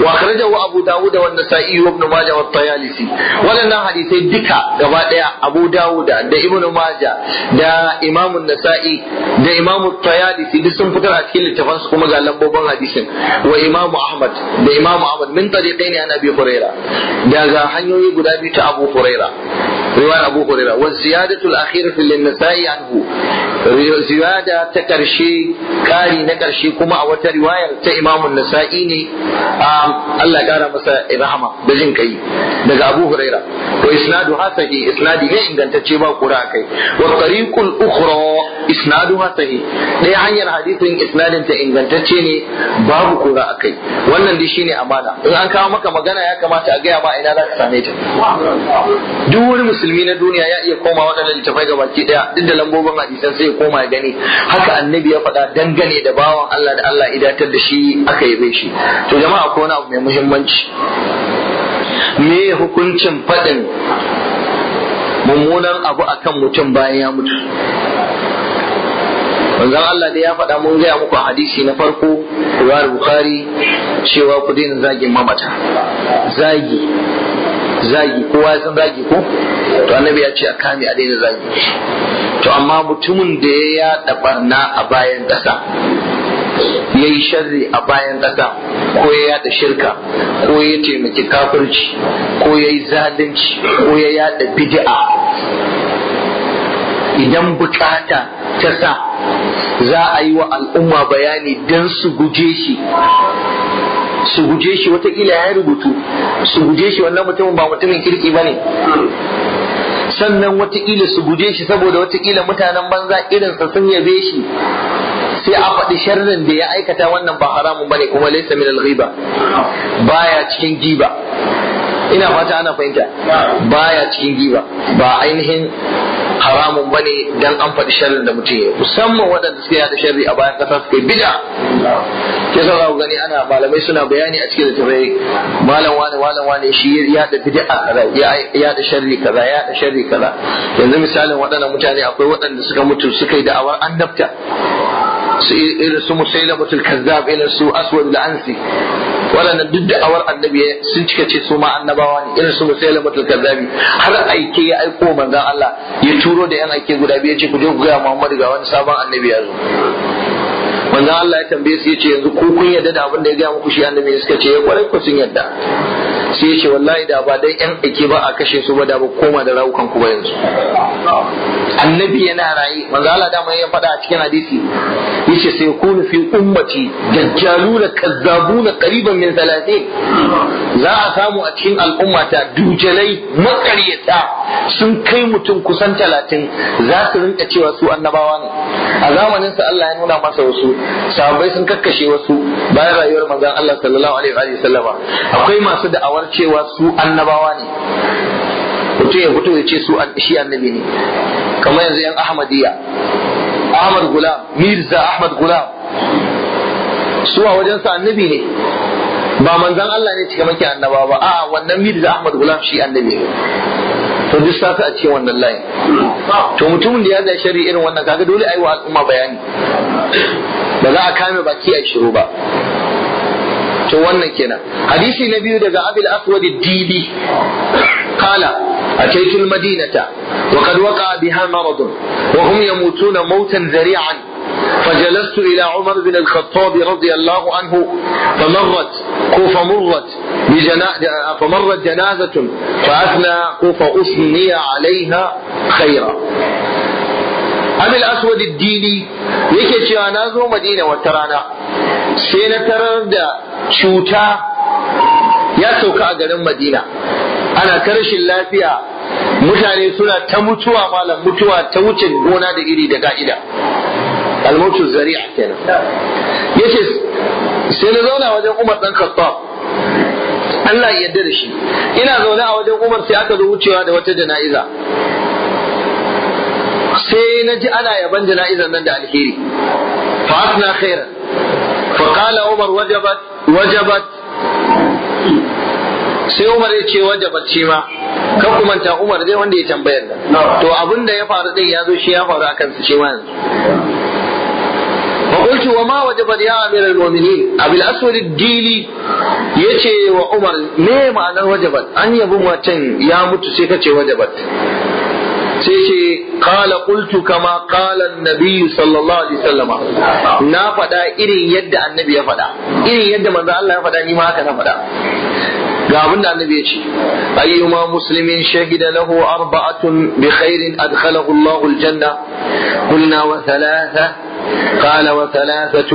wa akhrajahu Abu Dawud wa An-Nasa'i wa Ibn Majah wa At-Tayalisi waɗannan hadisai duka gaba ɗaya Abu Dawud da ibn majah da imam nasa'i da imam tayalisi duk sun fitar a cikin su kuma ga lambobin hadisin wa imam ahmad da imam ahmad min tariqaini an abi huraira daga hanyoyi guda biyu ta abu huraira riwayar Abu Hurairah wa ziyadatul akhirah lin nisa'i ziyada ta karshe kari na karshe kuma a wata riwayar ta Imam an-Nasa'i ne Allah kara masa rahama da jin kai daga Abu Hurairah wa isnadu hasahi isnadi ne ingantacce ba kura kai wa tariqul ukhra isnadu hasahi hanyar hadisin isnadin ta ingantacce ne babu kura akai wannan dai shine amana in an kawo maka magana ya kamata a gaya ma ina za ka same ta duk wani musulmi musulmi na duniya ya iya koma waɗannan littafai ga baki ɗaya duk da lambobin hadisan sai ya koma gani haka annabi ya faɗa dangane da bawan Allah da Allah idatar da shi aka yabe shi to jama'a ko wani abu mai muhimmanci me hukuncin faɗin mummunan abu akan mutum bayan ya mutu Wanzan Allah da ya faɗa mun gaya muku hadisi na farko riwayar Bukhari cewa ku daina zagin mamata zagi zagi kowa ya san zagi ko to annabi ya ce a kame a daina zagi to amma mutumin da ya yaɗa barna a bayan ƙasa ya yi sharri a bayan ƙasa ko ya yada shirka ko ya taimaki kafirci ko ya yi zalunci ko ya yada bidi'a idan bukata ta sa za a yi wa al'umma bayani don su guje shi su guje shi watakila ya rubutu su guje shi wannan mutumin ba mutumin kirki ba ne sannan watakila su guje shi saboda watakila mutanen banza irinsa sun yabe shi sai a faɗi sharrin da ya aikata wannan ba haramun ba ne kuma laisa min al-ghiba baya cikin giba ina fata ana fahimta baya cikin giba ba ainihin haramun bane dan an faɗi sharrin da mutum ya musamman waɗanda suka yada sharri a bayan ƙasa suka bid'a ke za ku gani ana malamai suna bayani a cikin littattafai malam wani malam wani shi ya yada bid'a kaza ya yada sharri kaza ya sharri kaza yanzu misalin waɗannan mutane akwai waɗanda suka mutu suka yi da'awar annabta irin su musailamatul kazzab irin su aswad al-ansi waɗannan duk da awar annabi sun cika ce su ma annabawa ne irin su musailamatul kazzabi har aike ya aiko manzon Allah ya turo da yan aike guda biyu ya ce ku je ku ga Muhammadu ga wani sabon annabi ya zo Allah ya tambaye su ya ce yanzu ko kun yarda da abin da ya gaya muku shi annabi suka ce ya eh, kware? ku sun yarda sai ya ce wallahi da ba dai yan ake ba a kashe su ba da ba koma da rawukan ku ba yanzu annabi yana rayi manzo Allah da ya faɗa a cikin hadisi yace sai kunu fi ummati dajjaluna kazzabuna qariban min 30 za a samu a cikin al'ummata dujalai makaryata sun kai mutum kusan talatin. za su rinka cewa su annabawa ne a zamanin sa Allah ya nuna masa wasu sahabbai sun kakkashe wasu bayan rayuwar manzon Allah sallallahu alaihi wa sallama akwai masu da'awa da'awar cewa su annabawa ne mutum ya fito ya ce su shi annabi ne kamar yanzu yan ahmadiyya ahmad gulam mirza ahmad gulam su a wajensa annabi ne ba manzan Allah ne cika maki annaba ba a wannan mirza ahmad gulam shi annabi ne to duk sata a cikin wannan layin to mutumin da ya da shari'a irin wannan kaga dole ayi wa al'umma bayani ba za a kame baki a shiru ba to wannan kenan hadisi na biyu daga abil aswad dibi kala أتيت المدينة وقد وقع بها مرض وهم يموتون موتا ذريعا فجلست إلى عمر بن الخطاب رضي الله عنه فمرت فمرت مرت فمرت جنازة فأثنى اثني عليها خيرا أبي الأسود الديني yake cewa na zo madina wata rana cuta ya sauka a garin madina ana karshen lafiya mutane suna ta mutuwa malam mutuwa ta wuce gona da iri da ka'ida almutu zari'a kenan ce sai na zauna wajen Umar dan Khattab Allah ya yarda da shi ina zaune a wajen Umar sai aka zo wucewa da wata jana'iza sai na ji ana yaban jana'izan nan da alheri fa asna khairan fa qala Umar wajabat wajabat sai Umar ya ce wajabat shi ma kan kumanta Umar dai wanda ya tambayar da, to abin da ya faru din ya zo shi ya faru akan su shi ma yanzu ya وما وجبت يا امير المؤمنين Dili ya ce wa Umar me ma'anar wajabat an yabi mutum ya mutu sai ka ce wajabat sai ce qala qultu kama qala annabi sallallahu alaihi wasallama na faɗa irin yadda annabi ya faɗa irin yadda manzo Allah ya faɗa ni ma haka na faɗa ga abin da annabi ya ce ayyuma muslimin shahida lahu arba'atun bi khairin adkhalahu Allahu aljanna qulna wa thalatha قال وثلاثة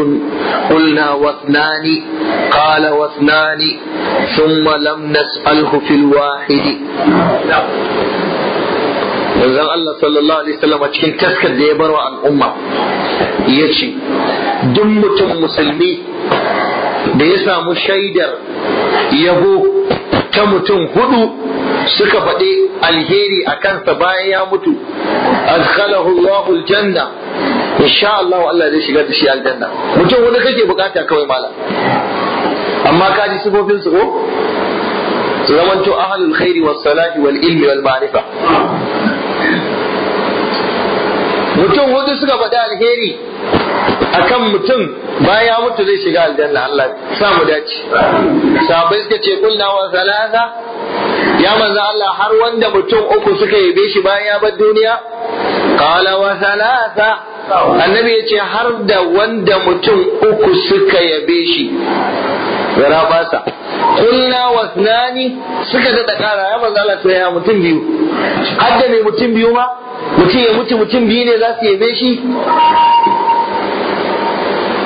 قلنا واثنان قال واثنان ثم لم نسأله في الواحد manzon Allah sallallahu alaihi wasallam cikin taskar da ya barwa al'umma yace duk mutum musulmi da ya samu shaidar yabo ta mutum hudu suka faɗi alheri a kansa bayan ya mutu adkhalahu Allahu aljanna insha Allah Allah zai shiga da shi aljanna mutum wanda kake bukata kawai mala amma ka ji sifofin su ko zamanto ahlul khairi was salahi wal ilmi wal ma'rifa mutum hudu suka faɗi alheri akan mutum baya mutu zai shiga aljanna Allah sa mu dace sahabbai suka ce kulna wa salasa ya manzo Allah har wanda mutum uku suka yabe shi bayan ya bar duniya qala wa salasa annabi ya ce har da wanda mutum uku suka yabe shi gara basa kulna wasnani suka daɗa ƙara ya manzo Allah ya mutum biyu har da mai mutum biyu ma mutum ya mutu mutum biyu ne za su yabe shi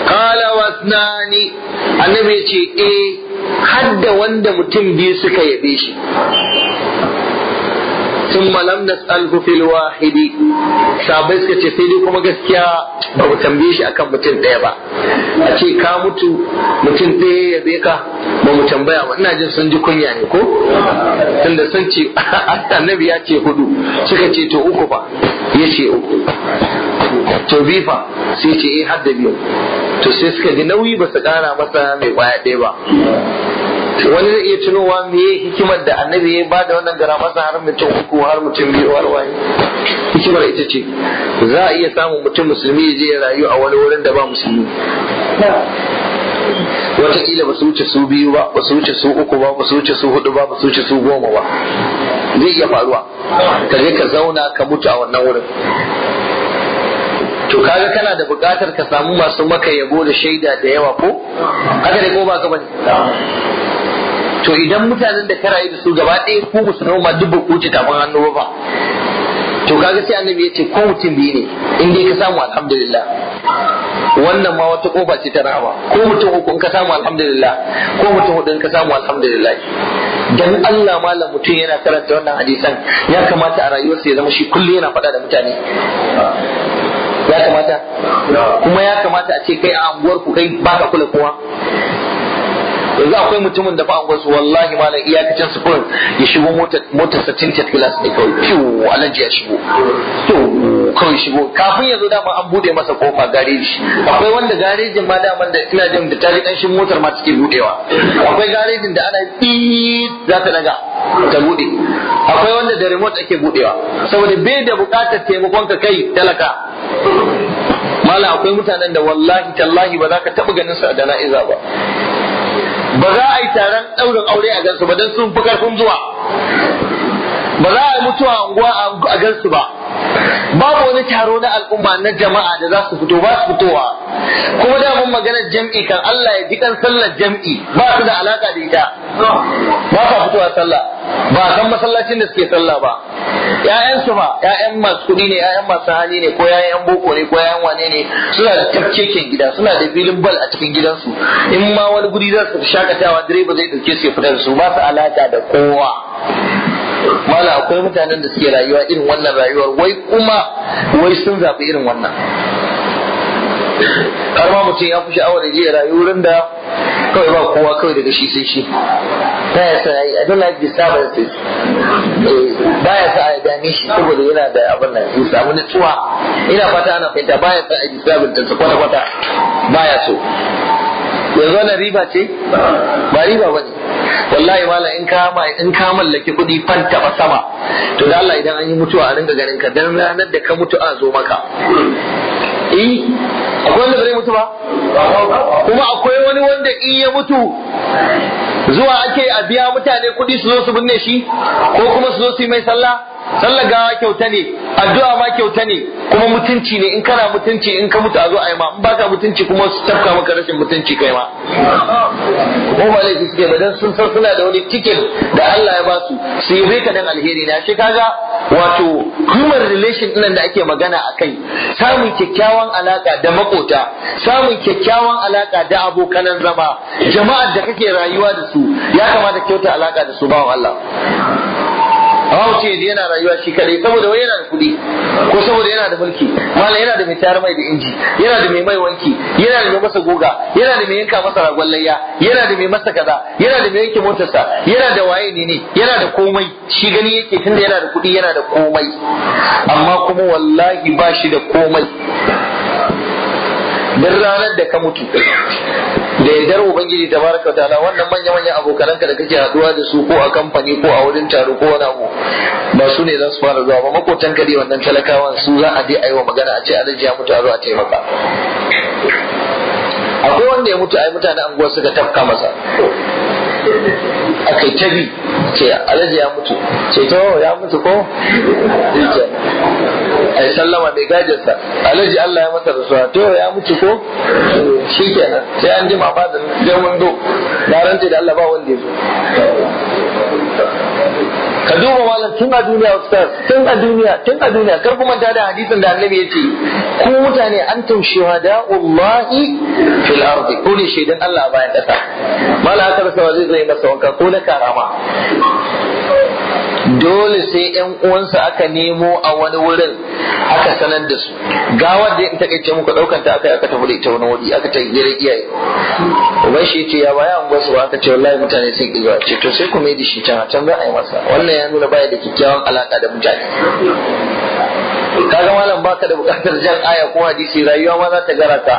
qala wasnani annabi ya ce eh har da wanda mutum biyu suka yabe shi thumma lam nas'alhu fil wahidi sabai suka ce sai dai kuma gaskiya ba mu tambaye shi akan mutum ɗaya ba a ce ka mutu mutum ɗaya ya zai ka ba mu tambaya ba ina jin sun ji kunya ne ko tunda sun ce annabi ya ce hudu suka ce to uku ba ya ce uku to bi fa, sai ce eh har biyu to sai suka ji nauyi ba su kara masa mai kwaya ɗaya ba wani zai iya tunowa me hikimar da annabi ya da wannan gara masa har mutum uku har mutum biyu har wani hikimar ita ce za a iya samun mutum musulmi ya je ya rayu a wani wurin da ba musulmi wataƙila ba su wuce su biyu ba ba su wuce su uku ba ba su wuce su hudu ba ba su wuce su goma ba zai iya faruwa ka je ka zauna ka mutu a wannan wurin to kaga kana da buƙatar ka samu masu maka yabo da shaida da yawa ko haka dai ko ba ka bane to idan mutanen da ka rayu da su gaba ɗaya ko musu noma dubu kuce tafin hannu ba to kaga sai annabi ya ce ko mutum biyu ne in dai ka samu alhamdulillah wannan ma wata ƙofa ce ta rahama ko mutum uku in ka samu alhamdulillah ko mutum hudu in ka samu alhamdulillah dan Allah malam mutum yana karanta wannan hadisan ya kamata a rayuwarsa ya zama shi kullum yana faɗa da mutane ya kamata kuma ya kamata a ce kai a anguwar ku kai baka kula kowa yanzu akwai mutumin da ba an su wallahi malam iyakacin su kurin ya shigo motar sa tinted glass ne kawai fiw alaji ya shigo to kawai shigo kafin ya dama an bude masa kofa gareji akwai wanda garejin ma daman da ina jin da tare kanshin motar ma take budewa akwai garejin da ana yi za ta daga ta bude akwai wanda da remote ake budewa saboda bai da bukatar taimakon ka kai talaka mala akwai mutanen da wallahi tallahi ba za ka taɓa ganin su a jana'iza ba ba za a yi taron ɗaurin aure a gansu ba don sun fi karfin zuwa ba za a yi mutuwa unguwa a gansu ba babu wani taro na al'umma na jama'a da za su fito ba su fitowa kuma da mun maganar jam'i kan Allah ya ji kan sallar jam'i ba su da alaka da ita ba sa fitowa sallah ba san masallacin da suke sallah ba ƴaƴan su ba ƴaƴan masu kuɗi ne ƴaƴan masu hali ne ko ƴaƴan boko ne ko ƴaƴan wane ne suna da tafkeken gida suna da filin bal a cikin gidansu in ma wani guri za su shakatawa direba zai dauke su ya fita da su ba su alaka da kowa mala akwai mutanen da suke rayuwa irin wannan rayuwar wai kuma wai sun zaɓi irin wannan har ma mutum ya fi sha'awar da ya rayu wurin da kawai ba kowa kawai daga shi sai shi ba ya sa I don't like disturbances ba ya sa ya dame shi saboda yana da abin nan ya samu nutsuwa ina fata ana fahimta ba ya sa a disturbance kwata kwata ba ya so yanzu wannan riba ce ba riba ba ne wallahi malam in ka in ka mallaki kuɗi fan taɓa sama to da Allah idan an yi mutuwa a ringa ganin ka dan ranar da ka mutu a zo maka eh akwai wanda mutu ba kuma akwai wani wanda in ya mutu zuwa ake a biya mutane kuɗi su zo su binne shi ko kuma su zo su yi mai sallah sallah gawa kyauta ne addu'a ma kyauta ne kuma mutunci ne in kana mutunci in ka mutu a zo a yi ma in baka mutunci kuma su tafka maka rashin mutunci kai ma ko ba suke ba dan sun san suna da wani tikin da Allah ya ba su su yi rika alheri na shi kaga wato human relation ɗinan da ake magana a kai samun kyakkyawan alaƙa da makota samun kyakkyawan alaƙa da abokanan zama jama'ar da kake rayuwa da su ya kamata kyauta alaƙa da su ba Allah amma da yana rayuwa shi kadai saboda wai yana da kuɗi ko saboda yana da mulki malam yana da mai tayar mai da inji yana da mai mai wanki yana da mai masa goga yana da mai yanka masa ragon layya yana da mai masa kaza yana da mai yanke motarsa yana da waye ne ne yana da komai shi gani yake tunda yana da kuɗi yana da komai amma kuma wallahi ba shi da komai duk ranar da ka mutu da ya yardar ubangiji tabaraka ta'ala wannan manya manyan abokananka da kake haduwa da su ko a kamfani ko a wurin taro ko wani abu ba su ne za su fara zuwa ba makotan gari wannan talakawan su za a je a yi wa magana a ce alhaji ya mutu a zo a taimaka akwai wanda ya mutu ai mutane anguwar suka tafka masa a kai tabi ce alhaji ya mutu ce to ya mutu ko ai sallama mai gajinsa alaji Allah ya masa rasuwa to ya mutu ko shikenan sai an jima ba da jamun do na rantsi da Allah ba wanda ya zo ka duba malam tun a duniya ustaz tun a duniya tun a duniya kar kuma da hadisin da annabi yace ku mutane antum wallahi fil ardi Ko ne shaidan Allah a bayan kasa malam aka rasa zai zai masa wanka ko na karama dole sai yan uwansa aka nemo a wani wurin aka sanar da su gawar da in takaice muku daukan ta aka aka tafi da ita wani wuri aka ta gidan iyaye uban shi ce ya baya ba su aka ce wallahi mutane sun ki ce to sai ku mai da shi can can za a yi masa wannan ya nuna baya da kyakkyawan alaka da mutane kaga malam baka da bukatar jan aya ko hadisi rayuwa ma za ta gara ka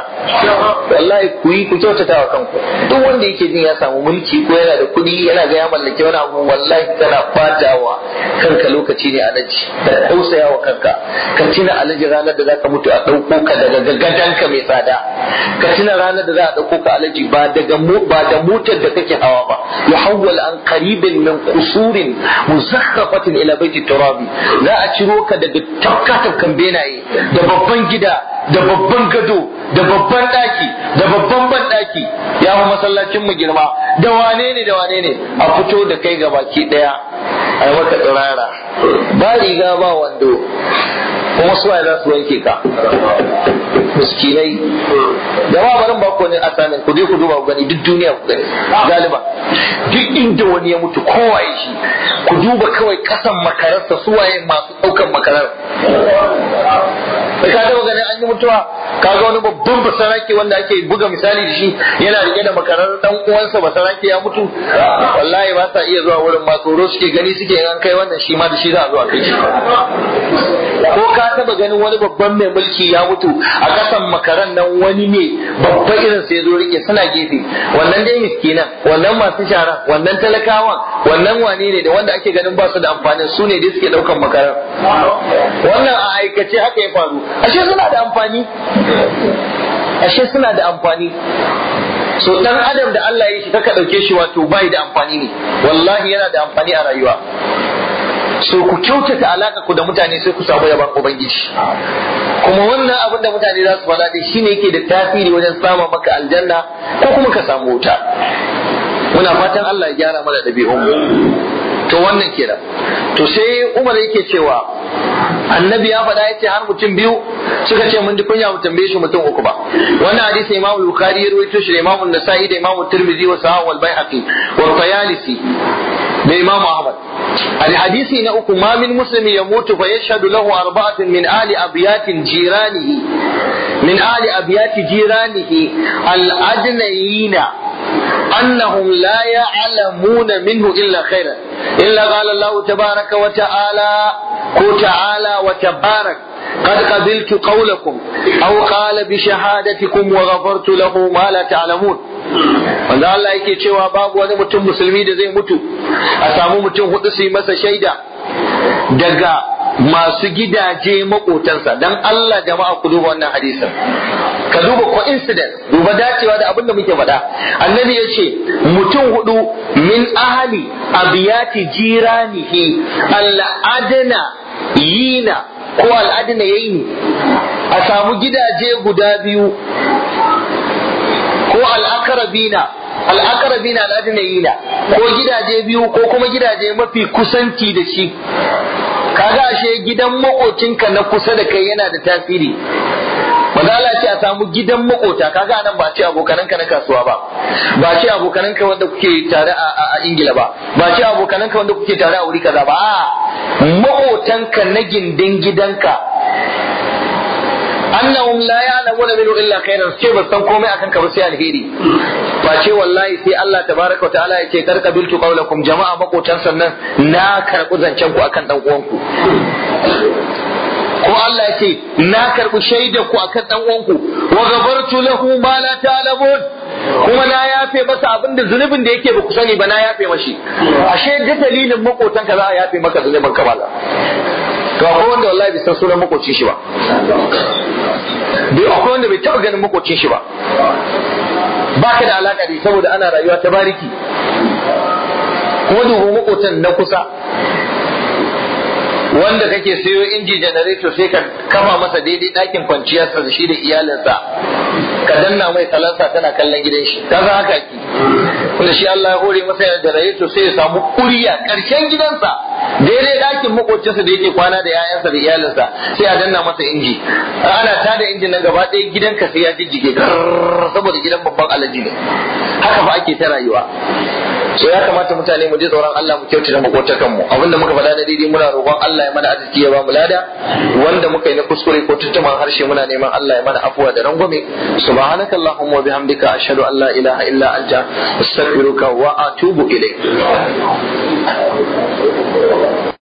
wallahi ku yi ku kyautata wa kanku duk wanda yake jin ya samu mulki ko yana da kuɗi yana ga ya mallaki wani abu wallahi kana fatawa kanka lokaci ne a naji ka tausaya wa kanka ka tuna alaji ranar da zaka mutu a ɗauko ka daga gadanka mai tsada ka tuna ranar da za a ɗauko ka alaji ba daga ba da motar da kake hawa ba ya hawwal an qaribin min qusurin muzakhafatin ila baiti turabi za a ciro ka daga tafka katokan benaye da babban gida da babban gado da babban ɗaki da babban ban banɗaki ya fi masallacin mu girma da wane ne da wane ne a fito da kai gabaki ɗaya a wata maka tsirara ba riga ba wando kuma suwaye za su wanke ka miskinai da ba barin bako ne asanin ku je ku duba gani duk duniya ku gani galiba duk inda wani ya mutu kowaye shi ku duba kawai kasan makararsa suwaye masu ɗaukan makarar ka taba ganin an yi mutuwa ka ga wani babban basarake wanda ake buga misali da shi yana rike da makarar dan uwansa basarake ya mutu wallahi ba sa iya zuwa wurin ma tsoro suke gani suke an kai wannan shi ma da shi za a zo kai shi ko ka taba ganin wani babban mai mulki ya mutu a kasan makaran nan wani ne babba irin sai zo rike suna gefe wannan dai miskina wannan masu shara wannan talakawa wannan wane ne da wanda ake ganin ba su da amfanin su ne dai suke daukan makaran wannan a aikace haka ya faru ashe suna da amfani ashe suna da amfani so dan adam da Allah ya shi kaka dauke shi wato bai da amfani ne wallahi yana da amfani a rayuwa so ku kyautata alaka ku da mutane sai ku samu yaban ubangiji kuma wannan abin da mutane za su da shi shine yake da tasiri wajen samun maka aljanna ko kuma ka samu wuta muna fatan Allah ya gyara mana ɗabi'un to wannan kenan to sai Umar yake cewa annabi ya faɗa yace har mutum biyu suka ce mun ji kunya mu tambaye shi mutum uku ba wannan hadisi Imam Bukhari ya rawaito shi da Imam Nasa'i da Imam Tirmidhi wa Sahih wal Baihaqi wa Tayalisi da Imam Ahmad na uku الحديث نأكو ما من مسلم يموت فيشهد له Min ali آل أبيات جيرانه من آل أبيات جيرانه الأدنيين أنهم لا يعلمون منه إلا خيرا إلا قال الله تبارك وتعالى تعالى وتبارك قد قبلت قولكم أو قال بشهادتكم وغفرت له ما لا تعلمون wanda Allah yake cewa babu wani mutum musulmi da zai mutu a samu mutum hudu su yi masa shaida daga masu gidaje maƙotansa dan Allah jama'a ku duba wannan hadisin ka duba incident, duba dacewa da abin da muke faɗa annabi ya ce mutum hudu min ahali abiyati jiranihi al'adana yina ko al'adana yayi a samu gidaje guda biyu ko al'akarabina al'akarabina al'adana yina ko gidaje biyu ko kuma gidaje mafi kusanci da shi kaga ashe gidan makocinka na kusa da kai yana da tasiri manzo Allah ce a samu gidan makota kaga nan ba ce abokananka na kasuwa ba ba ce abokananka wanda kuke tare a Ingila ba ba ce abokananka wanda kuke tare a wuri kaza ba a ka na gindin gidanka annahum la ya'lamuna minhu illa khairan sai ba san komai akan ka ba sai alheri ba ce wallahi sai Allah tabaraka wa ta'ala yace tarqabiltu qawlakum jama'a makotan sannan na karbu zancen ku akan dan uwanku ko Allah ya ce na karbu shaidar ku akan dan uwanku wa ghafartu lahu ma la ta'lamun kuma na yafe masa abin da zunubin da yake ba ku sani ba na yafe mashi ashe da dalilin ka za a yafe maka zunubin ka ba to akwai wanda wallahi bai san sunan makocin shi ba bai akwai wanda bai taɓa ganin makocin shi ba ba ka da alaƙa da saboda ana rayuwa ta bariki kuma dubu makotan na kusa wanda kake sayo inji janareto sai ka kafa masa daidai ɗakin kwanciyarsa da shi da iyalinsa ka danna mai salansa tana kallon gidan shi ka za haka ki kuma shi Allah ya hore masa yana generator sai ya samu kuriya ƙarshen gidansa daidai ɗakin makocinsa da yake kwana da yayansa da iyalinsa sai a danna masa inji ana tada injin nan gaba ɗaya gidan ka sai ya jijjige saboda gidan babban alaji ne haka fa ake ta rayuwa so ya kamata mutane mu ji tsoron Allah mu da makotakan mu abinda muka faɗa na daidai muna roƙon Allah ya mana arziki ya ba mu lada wanda muka yi na kuskure ko tuntuman harshe muna neman Allah ya mana afuwa da rangwame subhanaka allahumma wa bihamdika ashhadu an la ilaha illa anta astaghfiruka wa atubu ilayk